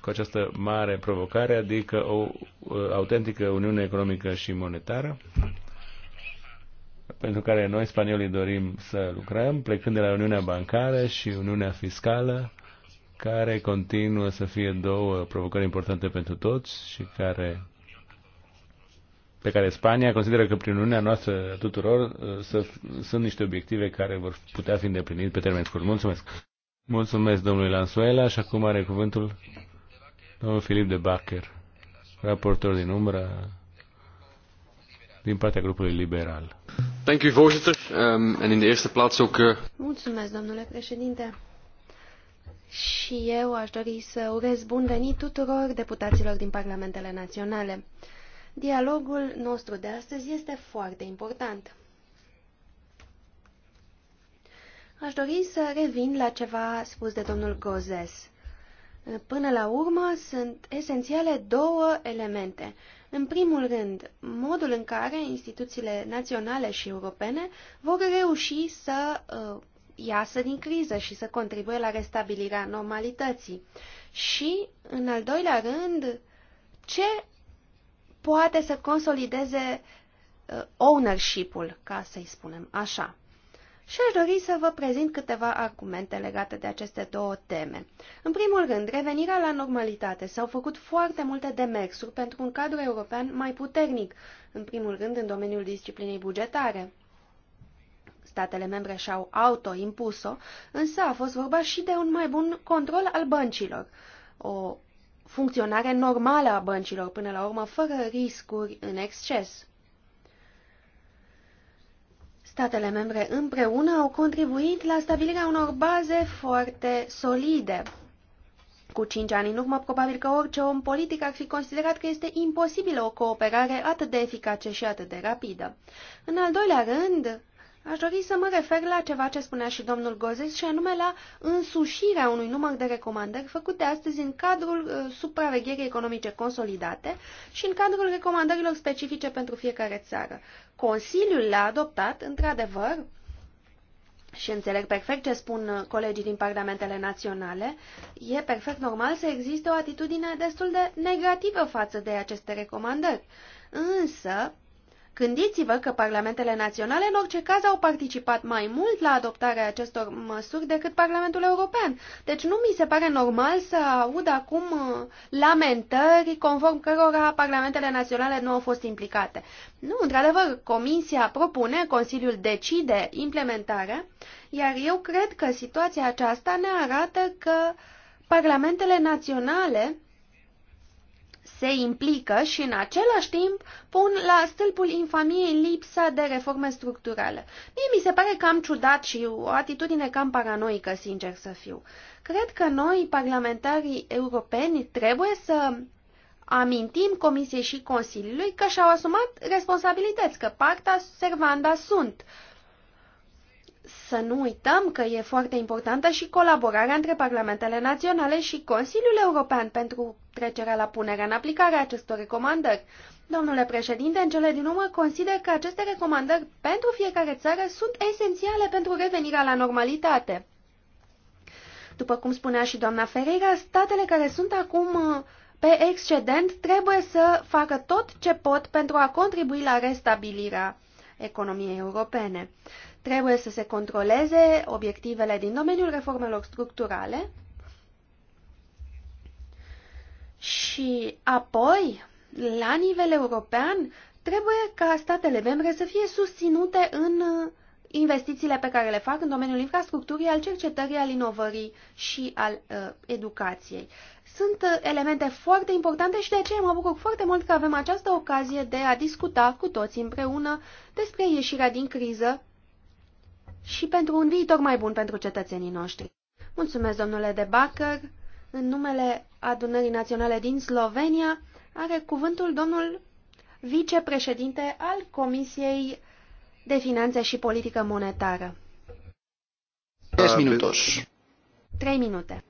S1: cu această mare provocare, adică o uh, autentică Uniune Economică și Monetară, pentru care noi, spaniolii, dorim să lucrăm, plecând de la Uniunea Bancară și Uniunea Fiscală, care continuă să fie două provocări importante pentru toți și care pe care Spania consideră că prin uniunea noastră tuturor uh, să, sunt niște obiective care vor putea fi îndeplinite pe termen scurt. Mulțumesc! Mulțumesc domnului Lansuela și acum are cuvântul domnul Filip de Bacher, raportor din umbră din partea grupului liberal.
S2: Thank you, voorzitter. Um, ehm, and in the eerste
S3: plaats ook... Uh...
S2: Mulțumesc, domnule președinte. Și eu aș dori să urez bun venit tuturor deputaților din Parlamentele Naționale. Dialogul nostru de astăzi este foarte important. Aș dori să revin la ceva spus de domnul Gozes. Până la urmă, sunt esențiale două elemente. În primul rând, modul în care instituțiile naționale și europene vor reuși să uh, iasă din criză și să contribuie la restabilirea normalității. Și, în al doilea rând, ce poate să consolideze uh, ownership-ul, ca să-i spunem așa. Și aș dori să vă prezint câteva argumente legate de aceste două teme. În primul rând, revenirea la normalitate. S-au făcut foarte multe demersuri pentru un cadru european mai puternic, în primul rând în domeniul disciplinei bugetare. Statele membre și-au autoimpus-o, însă a fost vorba și de un mai bun control al băncilor. O funcționare normală a băncilor până la urmă, fără riscuri în exces. Statele membre împreună au contribuit la stabilirea unor baze foarte solide. Cu cinci ani în urmă, probabil că orice om politic ar fi considerat că este imposibilă o cooperare atât de eficace și atât de rapidă. În al doilea rând, Aș dori să mă refer la ceva ce spunea și domnul Gozes și anume la însușirea unui număr de recomandări făcute astăzi în cadrul uh, supravegherii economice consolidate și în cadrul recomandărilor specifice pentru fiecare țară. Consiliul le-a adoptat, într-adevăr, și înțeleg perfect ce spun colegii din parlamentele naționale, e perfect normal să existe o atitudine destul de negativă față de aceste recomandări. Însă, Gândiți-vă că parlamentele naționale în orice caz au participat mai mult la adoptarea acestor măsuri decât Parlamentul European. Deci nu mi se pare normal să aud acum uh, lamentări conform cărora parlamentele naționale nu au fost implicate. Nu, într-adevăr, Comisia propune, Consiliul decide implementarea, iar eu cred că situația aceasta ne arată că parlamentele naționale se implică și în același timp pun la stâlpul infamiei lipsa de reforme structurale. Mie mi se pare cam ciudat și o atitudine cam paranoică, sincer să fiu. Cred că noi, parlamentarii europeni, trebuie să amintim Comisiei și Consiliului că și-au asumat responsabilități, că pacta servanda sunt să nu uităm că e foarte importantă și colaborarea între parlamentele naționale și Consiliul European pentru trecerea la punerea în aplicare a acestor recomandări. Domnule președinte, în cele din urmă consider că aceste recomandări pentru fiecare țară sunt esențiale pentru revenirea la normalitate. După cum spunea și doamna Ferreira, statele care sunt acum uh, pe excedent trebuie să facă tot ce pot pentru a contribui la restabilirea economiei europene. Trebuie să se controleze obiectivele din domeniul reformelor structurale și apoi, la nivel european, trebuie ca statele membre să fie susținute în uh, investițiile pe care le fac în domeniul infrastructurii, al cercetării, al inovării și al uh, educației. Sunt uh, elemente foarte importante și de aceea mă bucur foarte mult că avem această ocazie de a discuta cu toți împreună despre ieșirea din criză și pentru un viitor mai bun pentru cetățenii noștri. Mulțumesc, domnule de Bacăr. În numele Adunării Naționale din Slovenia are cuvântul domnul vicepreședinte al Comisiei de Finanțe și Politică Monetară. 3 minute. 3 minute.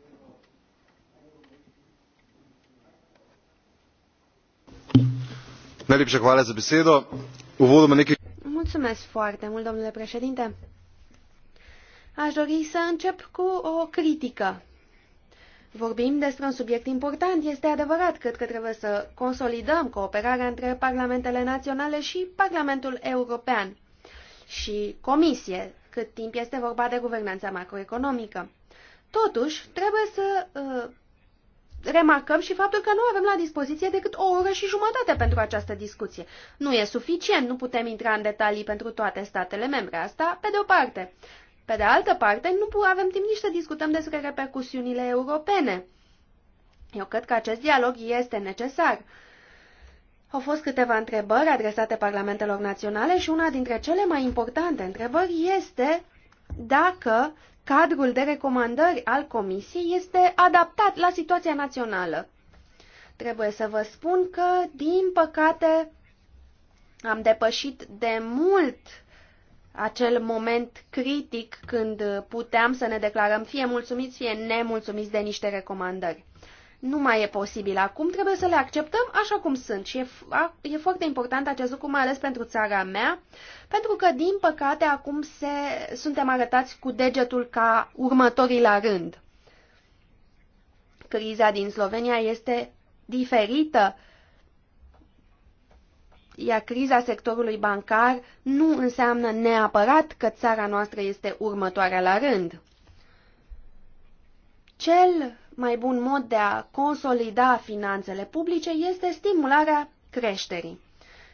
S2: Mulțumesc foarte mult, domnule președinte. Aș dori să încep cu o critică. Vorbim despre un subiect important, este adevărat, cred că trebuie să consolidăm cooperarea între parlamentele naționale și Parlamentul European și Comisie, cât timp este vorba de guvernanța macroeconomică. Totuși, trebuie să uh, remarcăm și faptul că nu avem la dispoziție decât o oră și jumătate pentru această discuție. Nu e suficient, nu putem intra în detalii pentru toate statele membre, asta pe de o parte. Pe de altă parte, nu avem timp nici să discutăm despre repercusiunile europene. Eu cred că acest dialog este necesar. Au fost câteva întrebări adresate parlamentelor naționale și una dintre cele mai importante întrebări este dacă cadrul de recomandări al Comisiei este adaptat la situația națională. Trebuie să vă spun că, din păcate, am depășit de mult acel moment critic când puteam să ne declarăm fie mulțumiți, fie nemulțumiți de niște recomandări. Nu mai e posibil acum, trebuie să le acceptăm așa cum sunt și e, a, e foarte important acest lucru, mai ales pentru țara mea, pentru că, din păcate, acum se, suntem arătați cu degetul ca următorii la rând. Criza din Slovenia este diferită iar criza sectorului bancar nu înseamnă neapărat că țara noastră este următoarea la rând. Cel mai bun mod de a consolida finanțele publice este stimularea creșterii.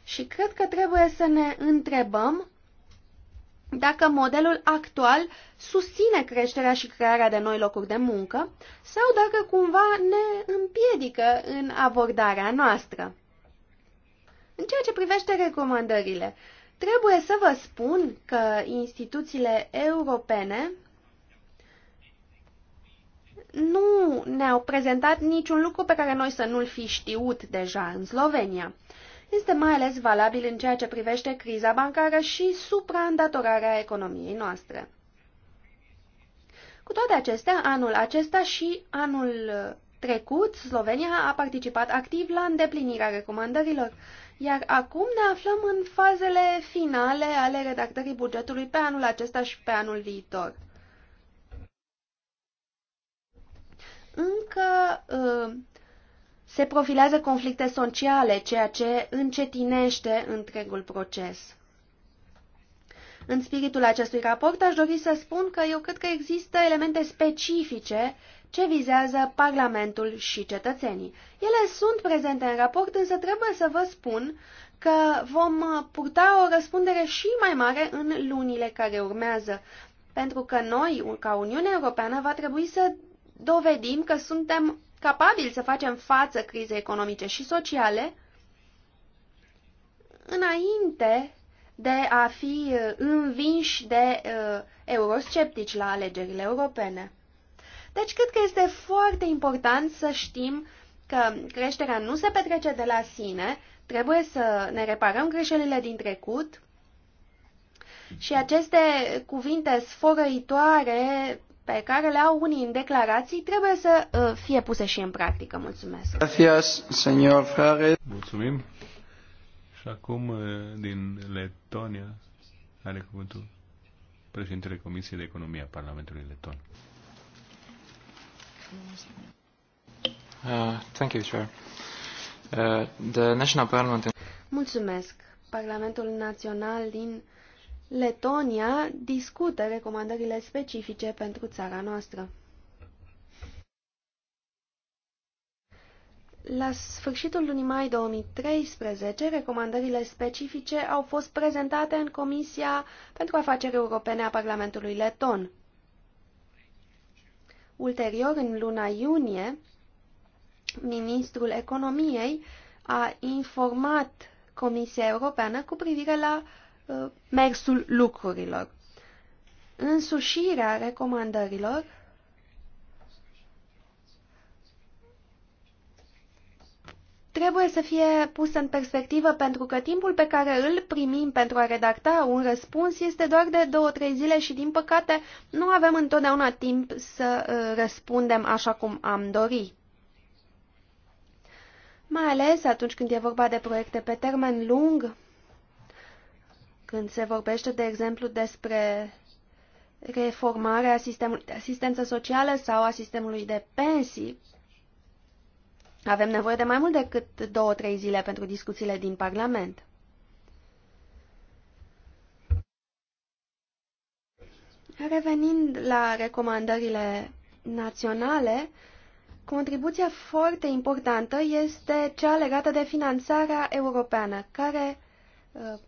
S2: Și cred că trebuie să ne întrebăm dacă modelul actual susține creșterea și crearea de noi locuri de muncă sau dacă cumva ne împiedică în abordarea noastră. În ceea ce privește recomandările, trebuie să vă spun că instituțiile europene nu ne-au prezentat niciun lucru pe care noi să nu-l fi știut deja în Slovenia. Este mai ales valabil în ceea ce privește criza bancară și supraîndatorarea economiei noastre. Cu toate acestea, anul acesta și anul trecut, Slovenia a participat activ la îndeplinirea recomandărilor iar acum ne aflăm în fazele finale ale redactării bugetului pe anul acesta și pe anul viitor. Încă uh, se profilează conflicte sociale, ceea ce încetinește întregul proces. În spiritul acestui raport aș dori să spun că eu cred că există elemente specifice ce vizează Parlamentul și cetățenii. Ele sunt prezente în raport, însă trebuie să vă spun că vom purta o răspundere și mai mare în lunile care urmează, pentru că noi, ca Uniunea Europeană, va trebui să dovedim că suntem capabili să facem față crizei economice și sociale înainte de a fi uh, învinși de uh, eurosceptici la alegerile europene. Deci cred că este foarte important să știm că creșterea nu se petrece de la sine, trebuie să ne reparăm greșelile din trecut și aceste cuvinte sfărăitoare pe care le au unii în declarații trebuie să uh, fie puse și în practică. Mulțumesc.
S3: Gracias, señor Frare. Mulțumim. Și
S1: acum uh, din Letonia are cuvântul președintele Comisiei de Economie a Parlamentului Leton.
S3: Uh, uh,
S2: Mulțumesc. Parlamentul Național din Letonia discută recomandările specifice pentru țara noastră. La sfârșitul lunii mai 2013, recomandările specifice au fost prezentate în Comisia pentru Afaceri Europene a Parlamentului Leton. Ulterior, în luna iunie, ministrul economiei a informat Comisia Europeană cu privire la uh, mersul lucrurilor. Însușirea recomandărilor trebuie să fie pus în perspectivă pentru că timpul pe care îl primim pentru a redacta un răspuns este doar de două-trei zile și, din păcate, nu avem întotdeauna timp să uh, răspundem așa cum am dori. Mai ales atunci când e vorba de proiecte pe termen lung, când se vorbește, de exemplu, despre reformarea sistemului de asistență socială sau a sistemului de pensii, avem nevoie de mai mult decât două-trei zile pentru discuțiile din Parlament. Revenind la recomandările naționale, contribuția foarte importantă este cea legată de finanțarea europeană, care uh,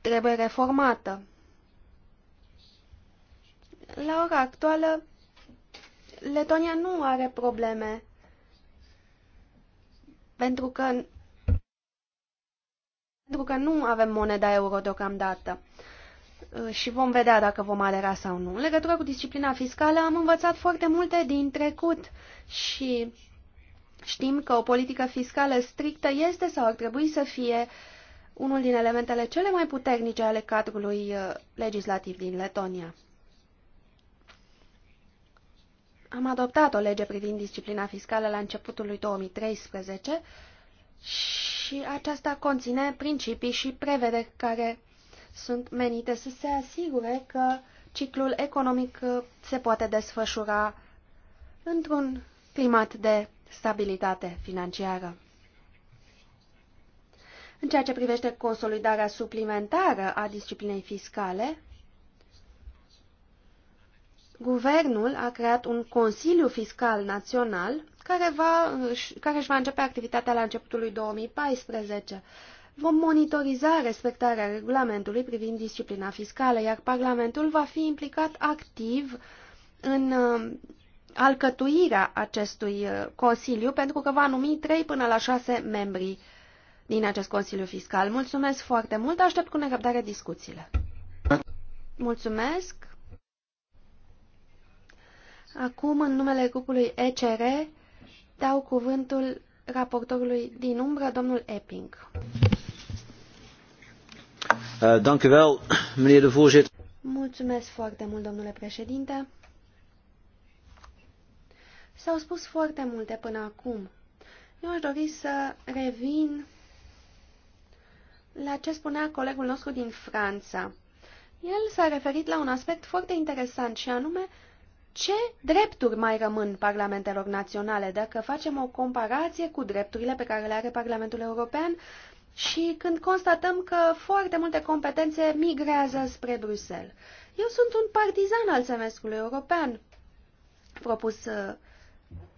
S2: trebuie reformată. La ora actuală, Letonia nu are probleme pentru că, pentru că nu avem moneda euro deocamdată uh, și vom vedea dacă vom adera sau nu. În legătură cu disciplina fiscală am învățat foarte multe din trecut și știm că o politică fiscală strictă este sau ar trebui să fie unul din elementele cele mai puternice ale cadrului uh, legislativ din Letonia. Am adoptat o lege privind disciplina fiscală la începutul lui 2013 și aceasta conține principii și prevederi care sunt menite să se asigure că ciclul economic se poate desfășura într-un climat de stabilitate financiară. În ceea ce privește consolidarea suplimentară a disciplinei fiscale, Guvernul a creat un Consiliu Fiscal Național care, va, care își va începe activitatea la începutul lui 2014. Vom monitoriza respectarea regulamentului privind disciplina fiscală, iar Parlamentul va fi implicat activ în uh, alcătuirea acestui uh, Consiliu, pentru că va numi 3 până la 6 membri din acest Consiliu Fiscal. Mulțumesc foarte mult, aștept cu nerăbdare discuțiile. Mulțumesc. Acum, în numele grupului ECR, dau cuvântul raportorului din umbră, domnul Epping.
S3: Eh,
S2: Mulțumesc foarte mult, domnule președinte. S-au spus foarte multe până acum. Eu aș dori să revin la ce spunea colegul nostru din Franța. El s-a referit la un aspect foarte interesant și anume ce drepturi mai rămân parlamentelor naționale dacă facem o comparație cu drepturile pe care le are Parlamentul European și când constatăm că foarte multe competențe migrează spre Bruxelles. Eu sunt un partizan al semestrului european, propus uh,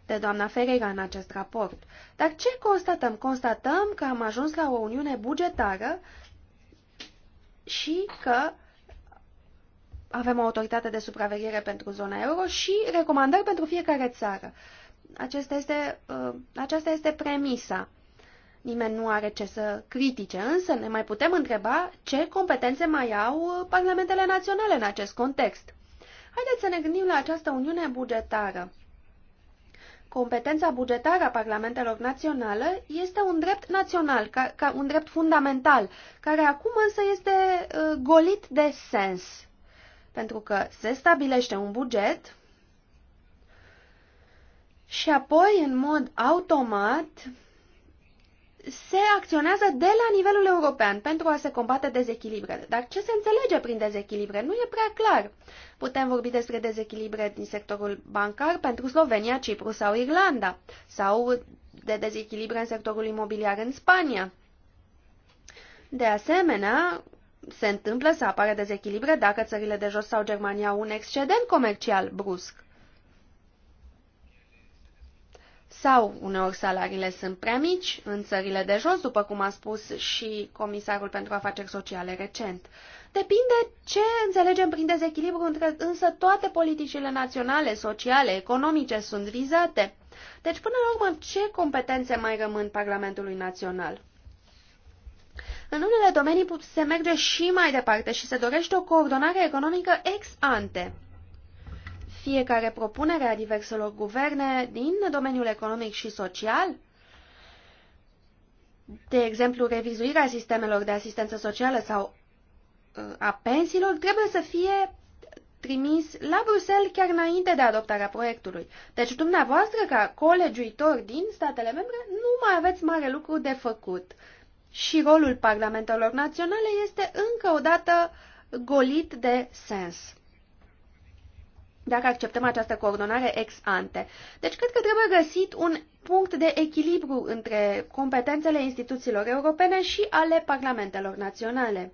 S2: de doamna Ferreira în acest raport. Dar ce constatăm? Constatăm că am ajuns la o uniune bugetară și că avem o autoritate de supraveghere pentru zona euro și recomandări pentru fiecare țară. Acesta este, uh, aceasta este premisa. Nimeni nu are ce să critique, însă ne mai putem întreba ce competențe mai au parlamentele naționale în acest context. Haideți să ne gândim la această uniune bugetară. Competența bugetară a parlamentelor naționale este un drept național, ca, ca un drept fundamental, care acum însă este uh, golit de sens pentru că se stabilește un buget și apoi, în mod automat, se acționează de la nivelul european pentru a se combate dezechilibrele. Dar ce se înțelege prin dezechilibre? Nu e prea clar. Putem vorbi despre dezechilibre din sectorul bancar pentru Slovenia, Cipru sau Irlanda, sau de dezechilibre în sectorul imobiliar în Spania. De asemenea, se întâmplă să apare dezechilibre dacă țările de jos sau Germania au un excedent comercial brusc. Sau, uneori, salariile sunt prea mici în țările de jos, după cum a spus și Comisarul pentru Afaceri Sociale recent. Depinde ce înțelegem prin dezechilibru, între, însă toate politicile naționale, sociale, economice sunt vizate. Deci, până la urmă, ce competențe mai rămân Parlamentului Național? În unele domenii se merge și mai departe și se dorește o coordonare economică ex ante. Fiecare propunere a diverselor guverne din domeniul economic și social, de exemplu revizuirea sistemelor de asistență socială sau uh, a pensiilor, trebuie să fie trimis la Bruxelles chiar înainte de adoptarea proiectului. Deci dumneavoastră, ca colegiuitor din statele membre, nu mai aveți mare lucru de făcut și rolul parlamentelor naționale este încă o dată golit de sens. Dacă acceptăm această coordonare ex ante. Deci cred că trebuie găsit un punct de echilibru între competențele instituțiilor europene și ale parlamentelor naționale.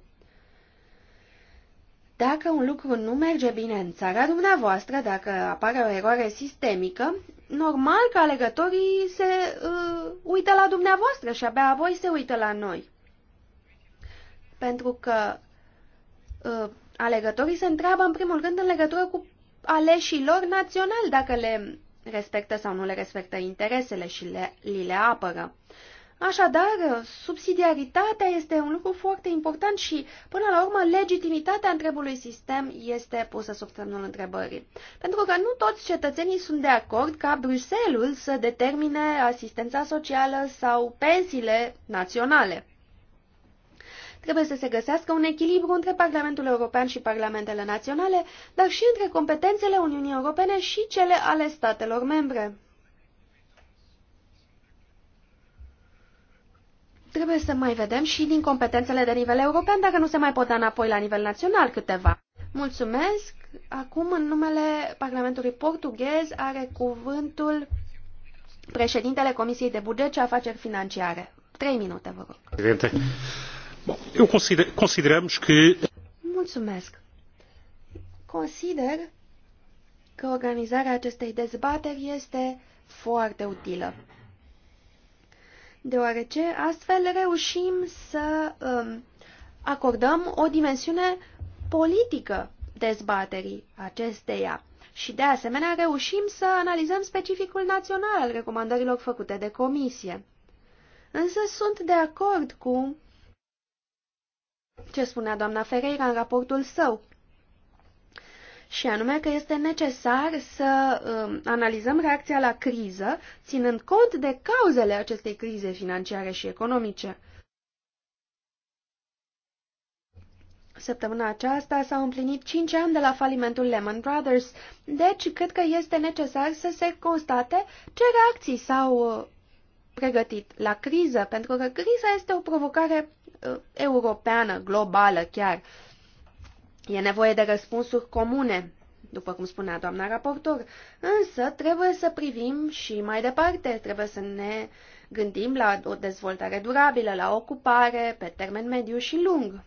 S2: Dacă un lucru nu merge bine în țara dumneavoastră, dacă apare o eroare sistemică, normal că alegătorii se uh, uită la dumneavoastră și abia voi se uită la noi. Pentru că uh, alegătorii se întreabă în primul rând în legătură cu aleșii lor naționali, dacă le respectă sau nu le respectă interesele și le, li le apără. Așadar, subsidiaritatea este un lucru foarte important și, până la urmă, legitimitatea întregului sistem este pusă sub semnul întrebării. Pentru că nu toți cetățenii sunt de acord ca Bruxelles să determine asistența socială sau pensiile naționale. Trebuie să se găsească un echilibru între Parlamentul European și Parlamentele naționale, dar și între competențele Uniunii Europene și cele ale statelor membre. Trebuie să mai vedem și din competențele de nivel european, dacă nu se mai pot da înapoi la nivel național câteva. Mulțumesc. Acum, în numele Parlamentului portughez, are cuvântul președintele Comisiei de Buget și Afaceri Financiare. Trei minute, vă
S1: rog. Eu consider, considerăm că...
S2: Mulțumesc. Consider că organizarea acestei dezbateri este foarte utilă deoarece astfel reușim să um, acordăm o dimensiune politică dezbaterii acesteia și, de asemenea, reușim să analizăm specificul național al recomandărilor făcute de comisie. Însă sunt de acord cu ce spunea doamna Ferreira în raportul său, și anume că este necesar să um, analizăm reacția la criză, ținând cont de cauzele acestei crize financiare și economice. Săptămâna aceasta s-au împlinit 5 ani de la falimentul Lehman Brothers, deci cred că este necesar să se constate ce reacții s-au uh, pregătit la criză, pentru că criza este o provocare uh, europeană, globală chiar. Uh, E nevoie de răspunsuri comune, după cum spunea doamna raportor, însă trebuie să privim și mai departe, trebuie să ne gândim la o dezvoltare durabilă, la ocupare pe termen mediu și lung.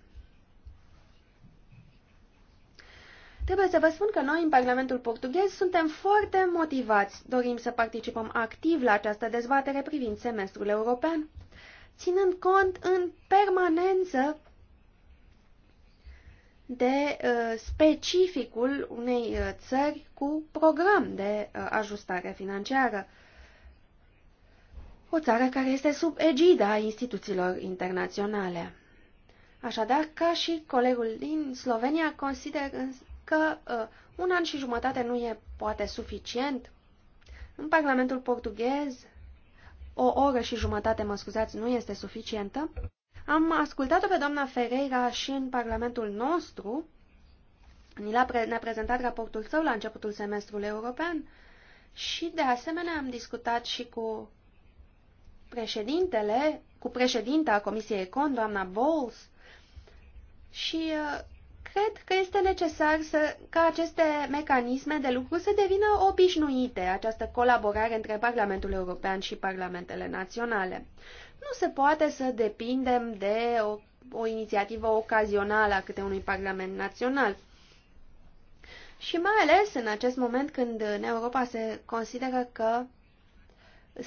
S2: Trebuie să vă spun că noi în Parlamentul portughez suntem foarte motivați. Dorim să participăm activ la această dezbatere privind semestrul european, ținând cont în permanență de uh, specificul unei uh, țări cu program de uh, ajustare financiară. O țară care este sub egida instituțiilor internaționale. Așadar, ca și colegul din Slovenia, consider că uh, un an și jumătate nu e poate suficient. În Parlamentul portughez, o oră și jumătate, mă scuzați, nu este suficientă. Am ascultat-o pe doamna Ferreira și în Parlamentul nostru. Ne-a prezentat raportul său la începutul semestrului european și, de asemenea, am discutat și cu președintele, cu președinta Comisiei Econ, doamna Bowles, și uh, cred că este necesar să, ca aceste mecanisme de lucru să devină obișnuite, această colaborare între Parlamentul European și Parlamentele Naționale. Nu se poate să depindem de o, o inițiativă ocazională a câte unui parlament național. Și mai ales în acest moment când în Europa se consideră că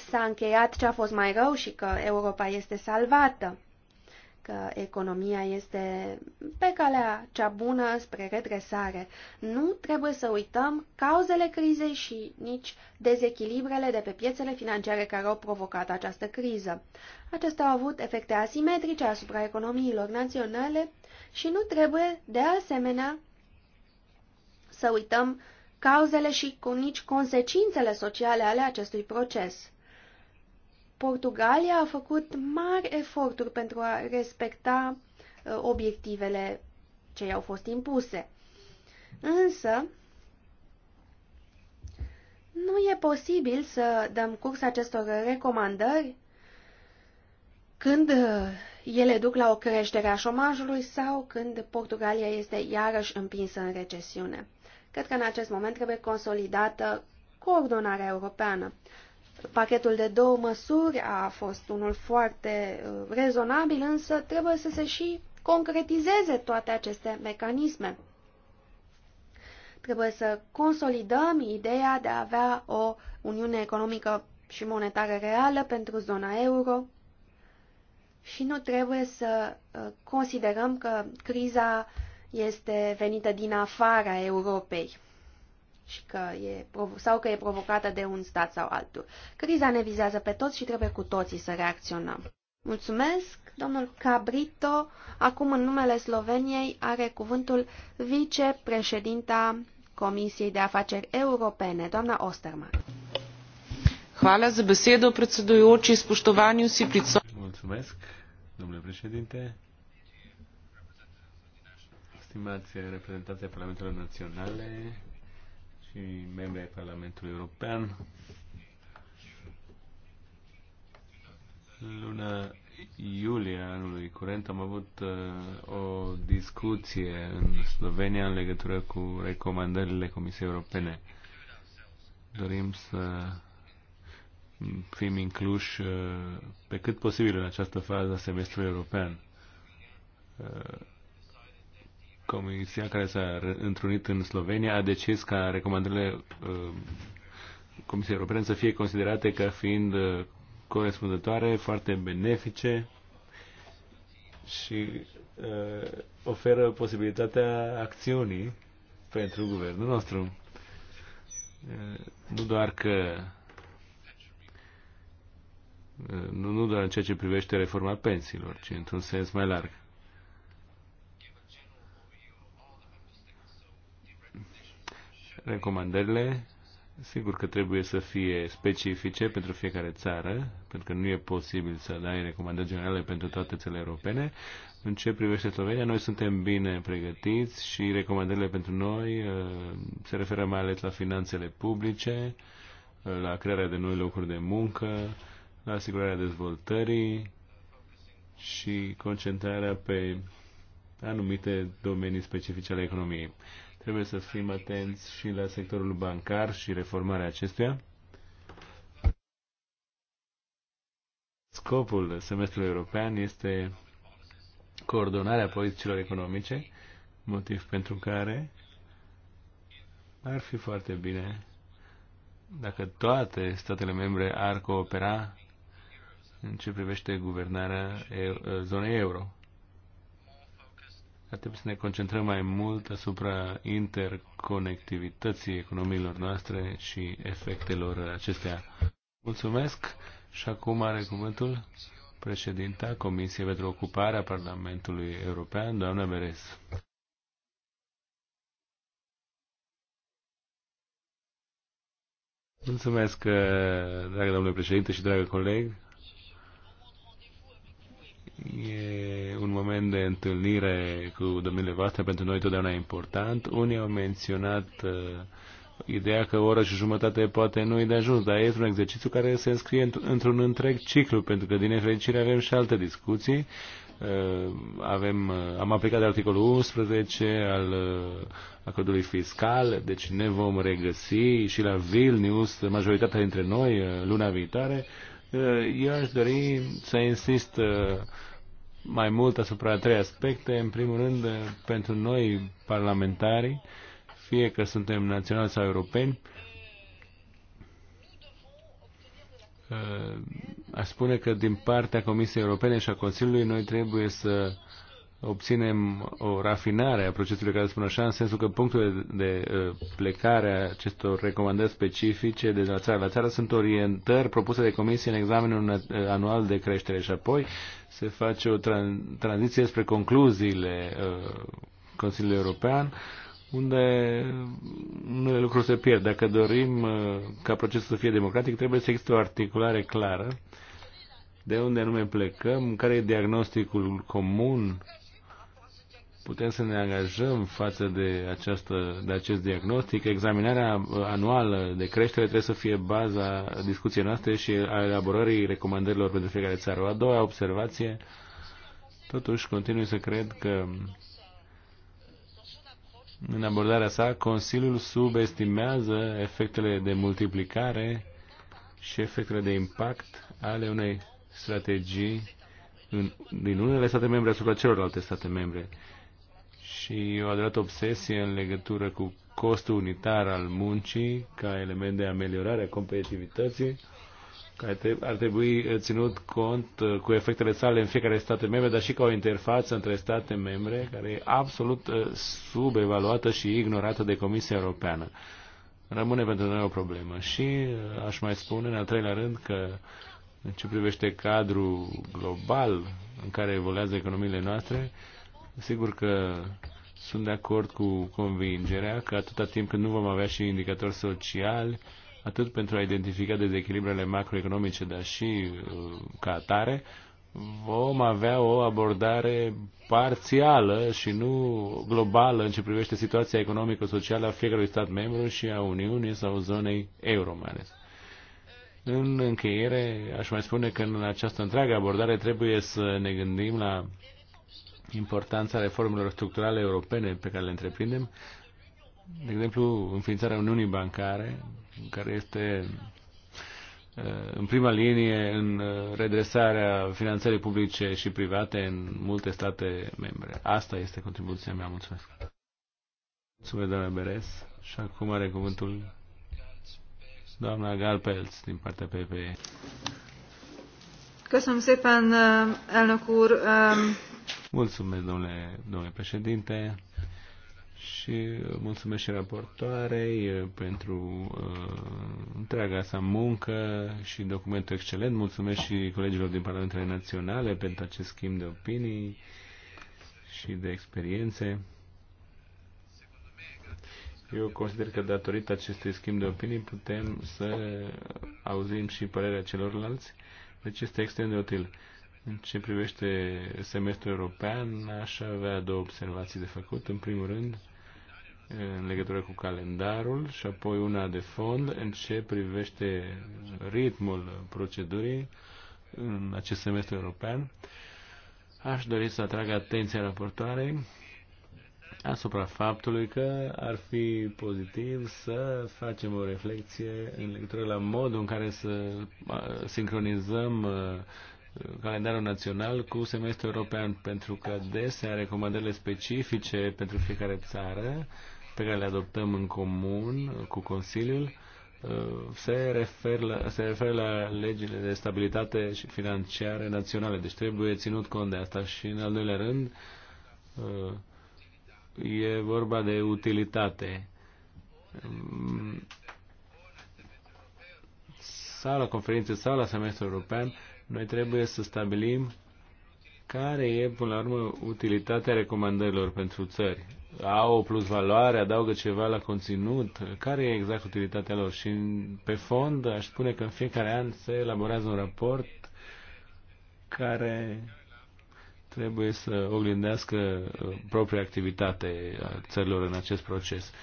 S2: s-a încheiat ce a fost mai rău și că Europa este salvată că economia este pe calea cea bună spre redresare. Nu trebuie să uităm cauzele crizei și nici dezechilibrele de pe piețele financiare care au provocat această criză. Acestea au avut efecte asimetrice asupra economiilor naționale și nu trebuie, de asemenea, să uităm cauzele și cu nici consecințele sociale ale acestui proces. Portugalia a făcut mari eforturi pentru a respecta uh, obiectivele ce i-au fost impuse. Însă, nu e posibil să dăm curs acestor recomandări când uh, ele duc la o creștere a șomajului sau când Portugalia este iarăși împinsă în recesiune. Cred că în acest moment trebuie consolidată coordonarea europeană. Pachetul de două măsuri a fost unul foarte uh, rezonabil, însă trebuie să se și concretizeze toate aceste mecanisme. Trebuie să consolidăm ideea de a avea o uniune economică și monetară reală pentru zona euro și nu trebuie să uh, considerăm că criza este venită din afara Europei și că e, sau că e provocată de un stat sau altul. Criza ne vizează pe toți și trebuie cu toții să reacționăm. Mulțumesc, domnul Cabrito. Acum, în numele Sloveniei, are cuvântul vicepreședinta Comisiei de Afaceri Europene, doamna Osterman.
S3: Hvala za besedo, predsedujoči,
S1: Mulțumesc, domnule președinte. Stimați reprezentanții Parlamentului Naționale, și membri ai Parlamentului European. Luna iulie anului curent am avut uh, o discuție în Slovenia în legătură cu recomandările Comisiei Europene. Dorim să fim incluși uh, pe cât posibil în această fază a semestrului european. Uh, Comisia care s-a întrunit în Slovenia a decis ca recomandările uh, Comisiei Europene să fie considerate ca fiind uh, corespunzătoare, foarte benefice și uh, oferă posibilitatea acțiunii pentru guvernul nostru. nu doar că nu, nu doar în ceea ce privește reforma pensiilor, ci într-un sens mai larg. recomandările sigur că trebuie să fie specifice pentru fiecare țară, pentru că nu e posibil să dai recomandări generale pentru toate țările europene. În ce privește Slovenia, noi suntem bine pregătiți și recomandările pentru noi uh, se referă mai ales la finanțele publice, uh, la crearea de noi locuri de muncă, la asigurarea dezvoltării și concentrarea pe anumite domenii specifice ale economiei. Trebuie să fim atenți și la sectorul bancar și reformarea acestuia. Scopul semestrului european este coordonarea politicilor economice, motiv pentru care ar fi foarte bine dacă toate statele membre ar coopera în ce privește guvernarea zonei euro ar trebui să ne concentrăm mai mult asupra interconectivității economiilor noastre și efectelor acestea. Mulțumesc și acum are cuvântul președinta Comisiei pentru Ocuparea Parlamentului European, doamna Beres. Mulțumesc, dragă domnule președinte și dragă coleg. E un moment de întâlnire cu domnile voastre, pentru noi totdeauna important. Unii au menționat uh, ideea că o oră și jumătate poate nu-i de ajuns, dar este un exercițiu care se înscrie într-un întreg ciclu, pentru că din nefericire avem și alte discuții. Uh, avem, uh, am aplicat articolul 11 al uh, acordului fiscal, deci ne vom regăsi și la Vilnius, majoritatea dintre noi, uh, luna viitoare. Uh, eu aș dori să insist uh, mai mult asupra trei aspecte. În primul rând, pentru noi parlamentari, fie că suntem naționali sau europeni, aș spune că din partea Comisiei Europene și a Consiliului noi trebuie să obținem o rafinare a procesului care spun așa, în sensul că punctele de uh, plecare a acestor recomandări specifice de la țară la țară sunt orientări propuse de comisie în examenul uh, anual de creștere și apoi se face o tran- tranziție spre concluziile uh, Consiliului European unde unele lucruri se pierd. Dacă dorim ca procesul să fie democratic, trebuie să existe o articulare clară de unde anume plecăm, care e diagnosticul comun putem să ne angajăm față de, această, de acest diagnostic. Examinarea uh, anuală de creștere trebuie să fie baza discuției noastre și a elaborării recomandărilor pentru fiecare țară. O a doua observație, totuși continui să cred că în abordarea sa, Consiliul subestimează efectele de multiplicare și efectele de impact ale unei strategii în, din unele state membre asupra celorlalte state membre și o adevărată obsesie în legătură cu costul unitar al muncii ca element de ameliorare a competitivității, care ar trebui ținut cont uh, cu efectele sale în fiecare stat membre, dar și ca o interfață între state membre care e absolut uh, subevaluată și ignorată de Comisia Europeană. Rămâne pentru noi o problemă. Și uh, aș mai spune, în al treilea rând, că în ce privește cadrul global în care evoluează economiile noastre, sigur că sunt de acord cu convingerea că atâta timp când nu vom avea și indicatori sociali, atât pentru a identifica dezechilibrele macroeconomice, dar și uh, ca atare, vom avea o abordare parțială și nu globală în ce privește situația economică-socială a fiecărui stat membru și a Uniunii sau zonei euro mai ales. În încheiere, aș mai spune că în această întreagă abordare trebuie să ne gândim la importanța reformelor structurale europene pe care le întreprindem, de exemplu, înființarea Uniunii Bancare, care este uh, în prima linie în uh, redresarea finanțării publice și private în multe state membre. Asta este contribuția mea. Mulțumesc. Mulțumesc, doamna Beres. Și acum are cuvântul doamna Galpelz din partea PPE.
S2: Köszönöm szépen, uh, elnök úr! Um,
S1: Mulțumesc, domnule, domnule președinte, și mulțumesc și raportoarei uh, pentru uh, întreaga sa muncă și documentul excelent. Mulțumesc și colegilor din Parlamentele Naționale pentru acest schimb de opinii și de experiențe. Eu consider că datorită acestui schimb de opinii putem să auzim și părerea celorlalți, deci este extrem de util. În ce privește semestrul european, aș avea două observații de făcut. În primul rând, în legătură cu calendarul și apoi una de fond în ce privește ritmul procedurii în acest semestru european. Aș dori să atrag atenția raportoarei asupra faptului că ar fi pozitiv să facem o reflexie în legătură la modul în care să sincronizăm calendarul național cu semestru european, pentru că desea recomandările specifice pentru fiecare țară pe care le adoptăm în comun cu Consiliul uh, se referă la, se refer la legile de stabilitate și financiare naționale. Deci trebuie ținut cont de asta și, în al doilea rând, uh, e vorba de utilitate. Um, sau la conferințe, sau la semestru european, noi trebuie să stabilim care e, până la urmă, utilitatea recomandărilor pentru țări. Au o plus valoare, adaugă ceva la conținut, care e exact utilitatea lor? Și pe fond aș spune că în fiecare an se elaborează un raport care trebuie să oglindească uh, propria activitate a țărilor în acest proces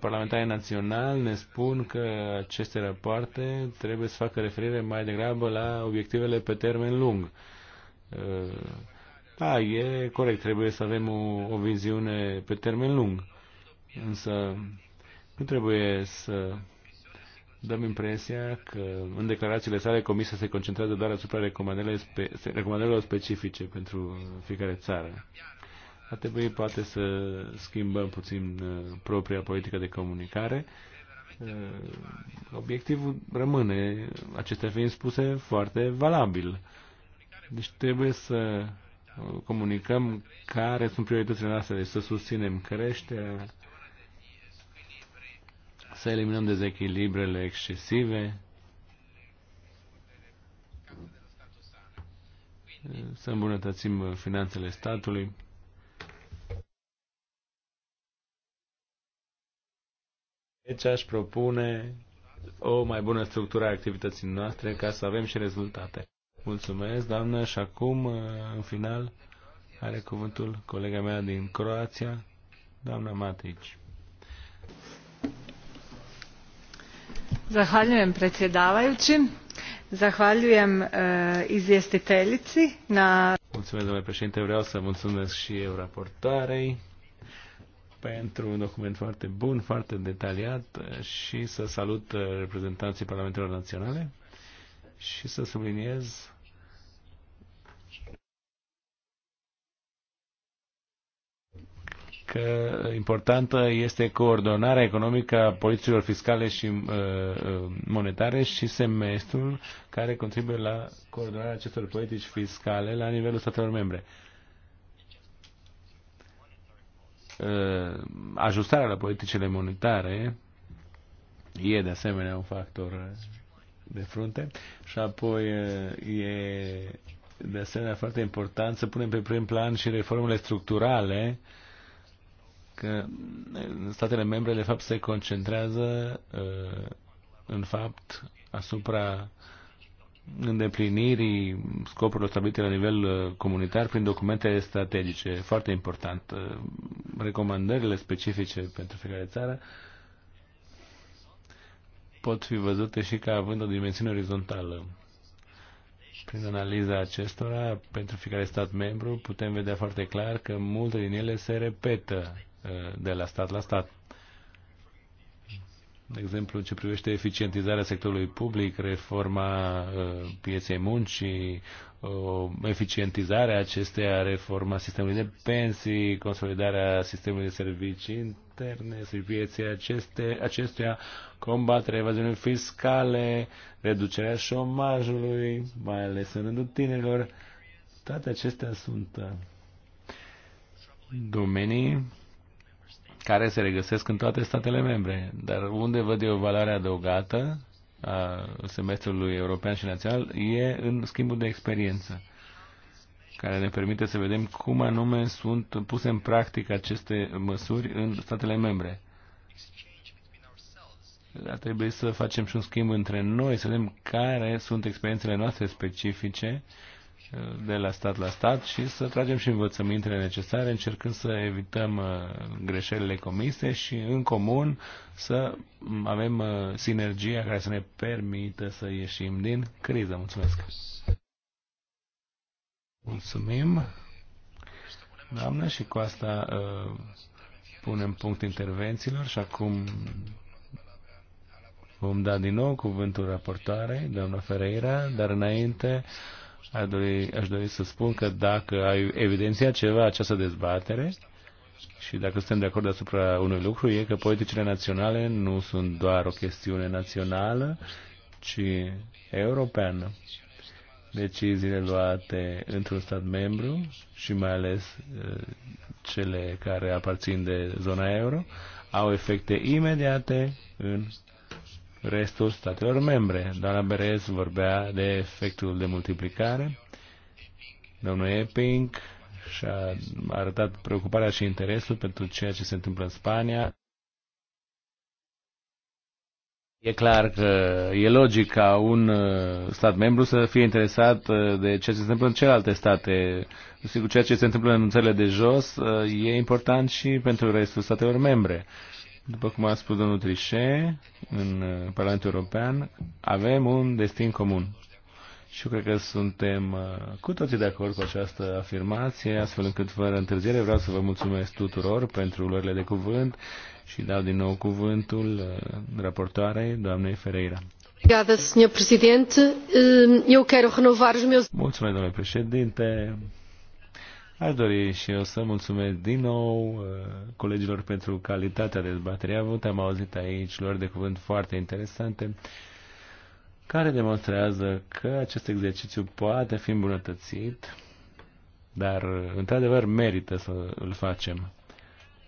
S1: parlamentarii naționali ne spun că aceste rapoarte trebuie să facă referire mai degrabă la obiectivele pe termen lung. Uh, da, e corect, trebuie să avem o, o viziune pe termen lung, însă nu trebuie să dăm impresia că în declarațiile sale Comisia se concentrează doar asupra recomandărilor, spe, recomandărilor specifice pentru fiecare țară ar trebui poate să schimbăm puțin uh, propria politică de comunicare. Uh, obiectivul rămâne, acestea fiind spuse, foarte valabil. Deci trebuie să uh, comunicăm care sunt prioritățile noastre, deci să susținem creșterea, să eliminăm dezechilibrele excesive, să îmbunătățim finanțele statului. Deci aș propune o mai bună structură a activității noastre ca să avem și rezultate. Mulțumesc, doamnă, și acum, uh, în final, are cuvântul colega mea din Croația, doamna Matici.
S3: Zahvaljujem predsjedavajući. Zahvaljujem e, uh, izvjestiteljici na...
S1: Mulțumesc, domnule președinte, vreau să mulțumesc și eu raportarei pentru un document foarte bun, foarte detaliat și să salut reprezentanții Parlamentelor Naționale și să subliniez că importantă este coordonarea economică a politicilor fiscale și uh, uh, monetare și semestrul care contribuie la coordonarea acestor politici fiscale la nivelul statelor membre. Uh, ajustarea la politicile monetare e de asemenea un factor uh, de frunte și apoi uh, e de asemenea foarte important să punem pe prim plan și reformele structurale că statele membre de fapt se concentrează în fapt asupra uh, îndeplinirii scopurilor stabilite la nivel uh, comunitar prin documente strategice. Foarte important. Uh, recomandările specifice pentru fiecare țară pot fi văzute și ca având o dimensiune orizontală. Prin analiza acestora, pentru fiecare stat membru, putem vedea foarte clar că multe din ele se repetă uh, de la stat la stat de exemplu, ce privește eficientizarea sectorului public, reforma uh, pieței muncii, eficientizarea acesteia, reforma sistemului de pensii, consolidarea sistemului de servicii interne servicii aceste, acestuia, combaterea evaziunii fiscale, reducerea șomajului, mai ales în rândul tinerilor. Toate acestea sunt uh, domenii care se regăsesc în toate statele membre. Dar unde văd eu valoarea adăugată a semestrului european și național e în schimbul de experiență care ne permite să vedem cum anume sunt puse în practică aceste măsuri în statele membre. Dar trebuie să facem și un schimb între noi, să vedem care sunt experiențele noastre specifice de la stat la stat și să tragem și învățămintele necesare, încercând să evităm uh, greșelile comise și în comun să avem uh, sinergia care să ne permită să ieșim din criză. Mulțumesc! Mulțumim, doamnă, și cu asta uh, punem punct intervențiilor și acum vom da din nou cuvântul raportoarei, doamna Ferreira, dar înainte Aș dori, aș dori să spun că dacă ai evidențiat ceva această dezbatere și dacă suntem de acord asupra unui lucru, e că politicile naționale nu sunt doar o chestiune națională, ci europeană. Deciziile luate într-un stat membru și mai ales uh, cele care aparțin de zona euro au efecte imediate în restul statelor membre. Doamna Berez vorbea de efectul de multiplicare. Domnul Epping și-a arătat preocuparea și interesul pentru ceea ce se întâmplă în Spania. E clar că e logic ca un uh, stat membru să fie interesat uh, de ceea ce se întâmplă în celelalte state. Sigur, ceea ce se întâmplă în țările de jos uh, e important și pentru restul statelor membre. După cum a spus domnul Trichet, în uh, Parlamentul European, avem un destin comun. Și eu cred că suntem uh, cu toții de acord cu această afirmație, astfel încât, fără întârziere, vreau să vă mulțumesc tuturor pentru luările de cuvânt și dau din nou cuvântul uh, raportoarei doamnei Ferreira. Eu Mulțumesc, domnule președinte. Aș dori și eu să mulțumesc din nou uh, colegilor pentru calitatea dezbaterii avut. Am auzit aici lor de cuvânt foarte interesante care demonstrează că acest exercițiu poate fi îmbunătățit, dar uh, într-adevăr merită să îl facem.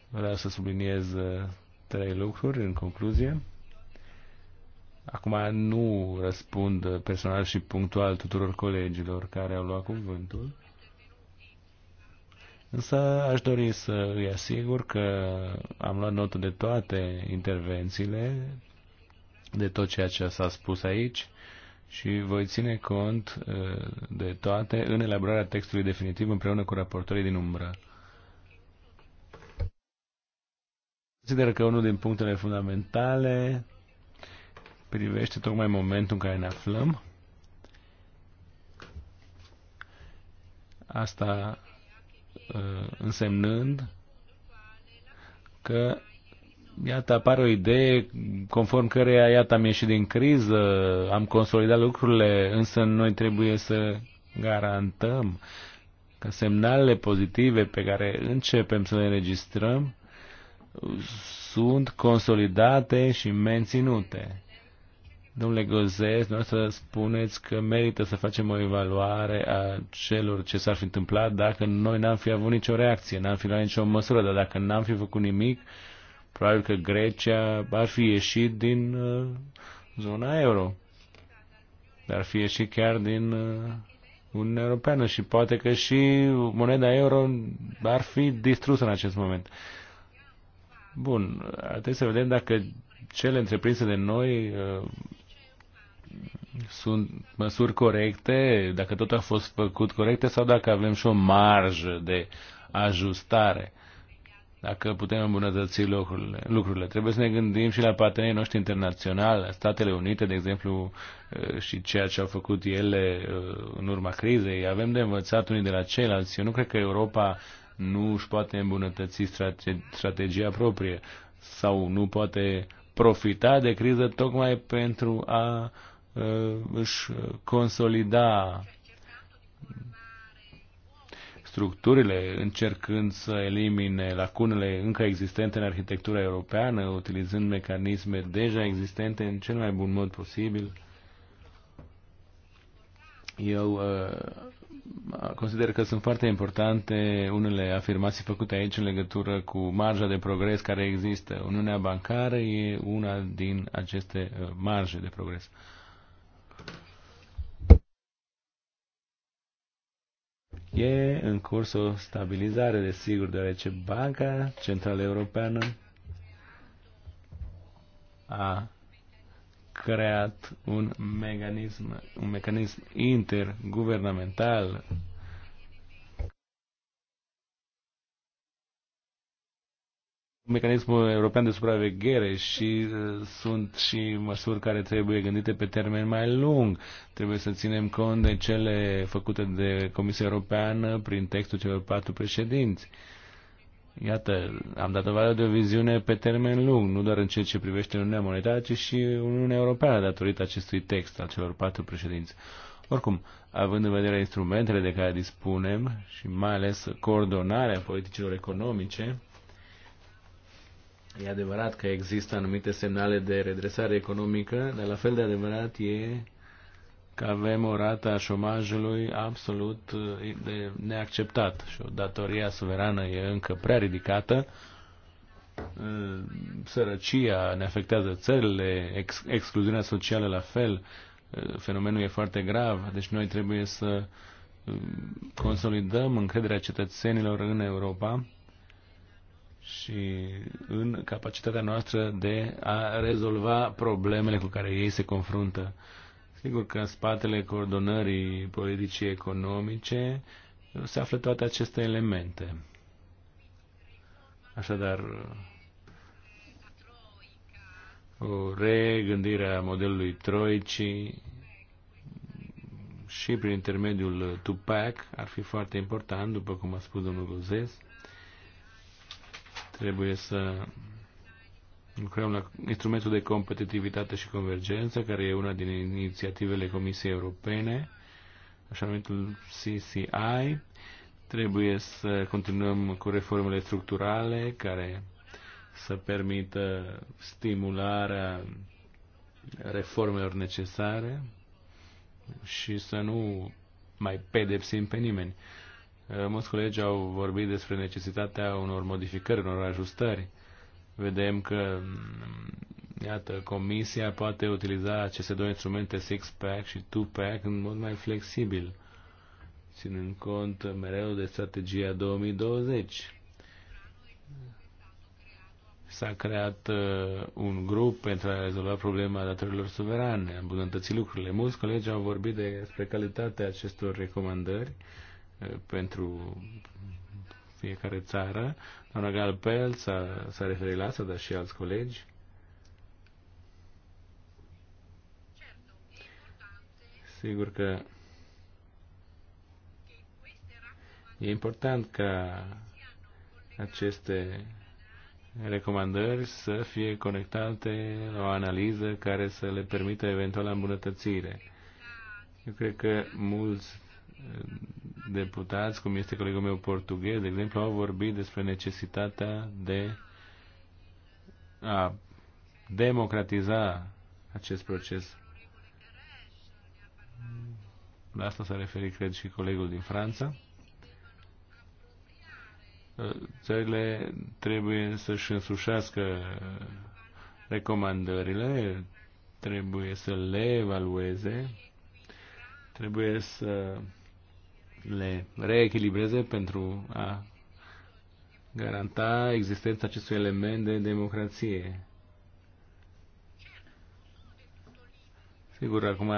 S1: Vreau să subliniez uh, trei lucruri în concluzie. Acum nu răspund personal și punctual tuturor colegilor care au luat cuvântul. Însă aș dori să îi asigur că am luat notă de toate intervențiile, de tot ceea ce s-a spus aici și voi ține cont uh, de toate în elaborarea textului definitiv împreună cu raportorii din umbră. Consider că unul din punctele fundamentale privește tocmai momentul în care ne aflăm. Asta Uh, însemnând că iată apare o idee conform căreia iată am ieșit din criză, am consolidat lucrurile, însă noi trebuie să garantăm că semnalele pozitive pe care începem să le înregistrăm sunt consolidate și menținute. Domnule Gozes, să spuneți că merită să facem o evaluare a celor ce s-ar fi întâmplat dacă noi n-am fi avut nicio reacție, n-am fi luat nicio măsură, dar dacă n-am fi făcut nimic, probabil că Grecia ar fi ieșit din uh, zona euro. Dar ar fi ieșit chiar din uh, Uniunea Europeană și poate că și moneda euro ar fi distrusă în acest moment. Bun, trebuie să vedem dacă cele întreprinse de noi uh, sunt măsuri corecte, dacă tot a fost făcut corecte sau dacă avem și o marjă de ajustare, dacă putem îmbunătăți lucrurile. lucrurile. Trebuie să ne gândim și la partenerii noștri internaționali, la Statele Unite, de exemplu, eh, și ceea ce au făcut ele eh, în urma crizei. Avem de învățat unii de la ceilalți. Eu nu cred că Europa nu își poate îmbunătăți strate strategia proprie sau nu poate profita de criză tocmai pentru a uh, Uh, își consolida structurile, încercând să elimine lacunele încă existente în arhitectura europeană, utilizând mecanisme deja existente în cel mai bun mod posibil. Eu uh, consider că sunt foarte importante unele afirmații făcute aici în legătură cu marja de progres care există. Uniunea bancară e una din aceste uh, marje de progres. Uh, E în curs o stabilizare, desigur, deoarece Banca Centrală Europeană a creat un mecanism, un mecanism interguvernamental mecanismul european de supraveghere și uh, sunt și măsuri care trebuie gândite pe termen mai lung. Trebuie să ținem cont de cele făcute de Comisia Europeană prin textul celor patru președinți. Iată, am dat dovadă de o viziune pe termen lung, nu doar în ceea ce privește Uniunea Monetară, ci și Uniunea Europeană, datorită acestui text al celor patru președinți. Oricum, având în vedere instrumentele de care dispunem și mai ales coordonarea politicilor economice, E adevărat că există anumite semnale de redresare economică, dar la fel de adevărat e că avem o rată a șomajului absolut uh, de neacceptat și o datoria suverană e încă prea ridicată. Uh, sărăcia ne afectează țările, ex- excluziunea socială la fel, uh, fenomenul e foarte grav, deci noi trebuie să consolidăm încrederea cetățenilor în Europa și în capacitatea noastră de a rezolva problemele cu care ei se confruntă. Sigur că în spatele coordonării politicii economice se află toate aceste elemente. Așadar, o regândire a modelului troicii și prin intermediul Tupac ar fi foarte important, după cum a spus domnul Gozes, Trebuie să lucrăm la instrumentul de competitivitate și convergență, care e una din inițiativele Comisiei Europene, așa numitul CCI. Trebuie să continuăm cu reformele structurale care să permită stimularea reformelor necesare și să nu mai pedepsim pe nimeni. Eh, mulți colegi au vorbit despre necesitatea unor modificări, unor ajustări. Vedem că, mm, iată, Comisia poate utiliza aceste două instrumente, six-pack și two-pack, în mod mai flexibil, ținând cont mereu de strategia 2020. S-a creat uh, un grup pentru a rezolva problema datorilor suverane, a îmbunătăți lucrurile. Mulți colegi au vorbit despre calitatea acestor recomandări. Uh, pentru fiecare țară. Doamna Galpel s-a, s-a referit la asta, dar și alți colegi. Sigur că e important ca aceste recomandări să fie conectate la o analiză care să le permită eventuala îmbunătățire. Eu cred că mulți deputați, cum este colegul meu portughez, de exemplu, au vorbit despre necesitatea de a democratiza acest proces. La asta s-a referit, cred, și colegul din Franța. Țările trebuie să-și însușească recomandările, trebuie să le evalueze, trebuie să le reechilibreze pentru a garanta existența acestui element de democrație. Sigur, acum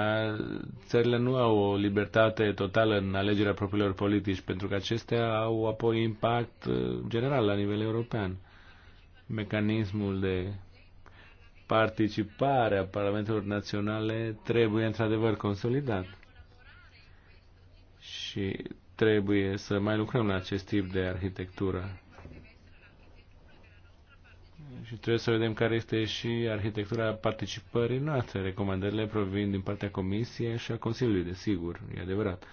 S1: țările nu au o libertate totală în alegerea propriilor politici, pentru că acestea au apoi impact uh, general la nivel european. Mecanismul de participare a parlamentelor naționale trebuie într-adevăr consolidat și trebuie să mai lucrăm la acest tip de arhitectură. Și trebuie să vedem care este și arhitectura participării noastre. Recomandările provin din partea Comisiei și a Consiliului, desigur, e adevărat.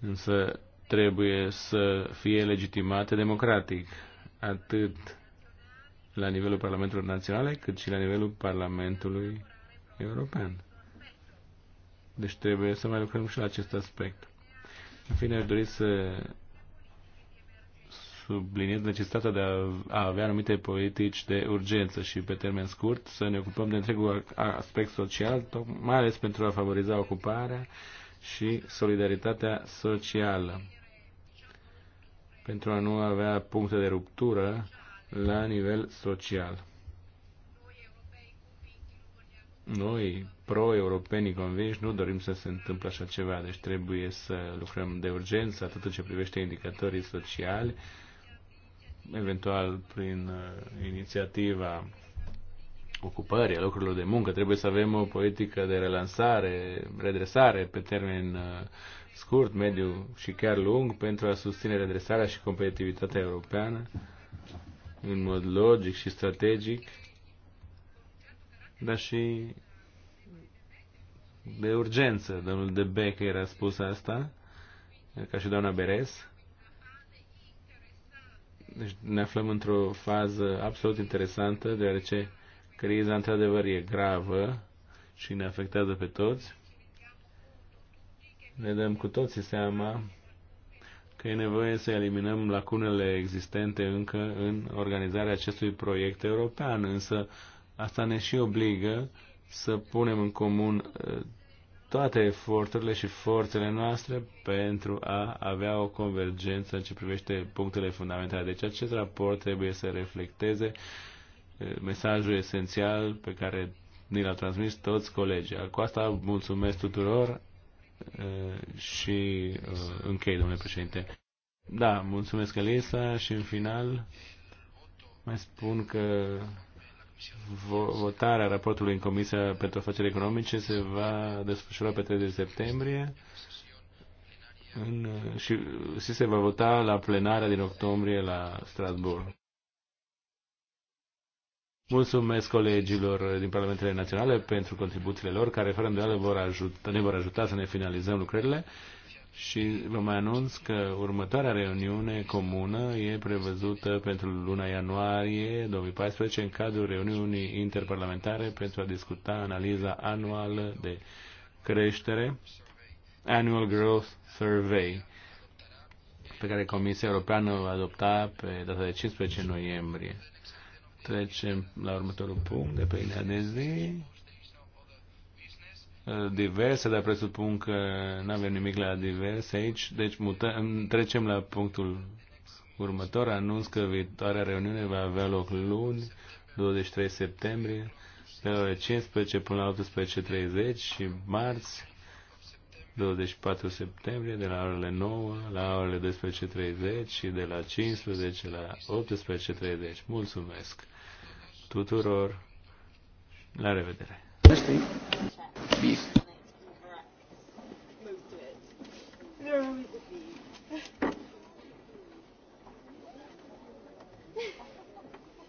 S1: Însă trebuie să fie legitimate democratic, atât la nivelul Parlamentului Național, cât și la nivelul Parlamentului European. Deci trebuie să mai lucrăm și la acest aspect. În fine, aș dori să subliniez necesitatea de a avea anumite politici de urgență și pe termen scurt să ne ocupăm de întregul aspect social, mai ales pentru a favoriza ocuparea și solidaritatea socială, pentru a nu avea puncte de ruptură la nivel social noi, pro-europenii convinși, nu dorim să se întâmple așa ceva, deci trebuie să lucrăm de urgență atât în ce privește indicatorii sociali, eventual prin uh, inițiativa ocupării, a lucrurilor de muncă, trebuie să avem o politică de relansare, redresare pe termen uh, scurt, mediu și chiar lung pentru a susține redresarea și competitivitatea europeană în mod logic și strategic dar și de urgență. Domnul De Becker era spus asta, ca și doamna Beres. Deci ne aflăm într-o fază absolut interesantă, deoarece criza într-adevăr e gravă și ne afectează pe toți. Ne dăm cu toții seama că e nevoie să eliminăm lacunele existente încă în organizarea acestui proiect european, însă Asta ne și obligă să punem în comun uh, toate eforturile și forțele noastre pentru a avea o convergență în ce privește punctele fundamentale. Deci acest raport trebuie să reflecteze uh, mesajul esențial pe care ni l-au transmis toți colegii. Cu asta mulțumesc tuturor uh, și închei, domnule președinte. Da, mulțumesc Elisa și în final mai spun că Votarea raportului în Comisia pentru Afaceri Economice se va desfășura pe 30 septembrie în, și, și se va vota la plenarea din octombrie la Strasbourg. Mulțumesc colegilor din Parlamentele Naționale pentru contribuțiile lor, care fără îndoială vor ajuta, ne vor ajuta să ne finalizăm lucrările și vă mai anunț că următoarea reuniune comună e prevăzută pentru luna ianuarie 2014 în cadrul reuniunii interparlamentare pentru a discuta analiza anuală de creștere, Annual Growth Survey, pe care Comisia Europeană o va adopta pe data de 15 noiembrie. Trecem la următorul punct de pe linia de zi Uh, diverse, dar presupun că nu avem nimic la diverse aici, deci mutăm, trecem la punctul următor. Anunț că viitoarea reuniune va avea loc luni, 23 septembrie, de la 15 până la 18.30 și marți, 24 septembrie, de la orele 9 la orele 12.30 și de la 15 la 18.30. Mulțumesc tuturor! La revedere! Rabi.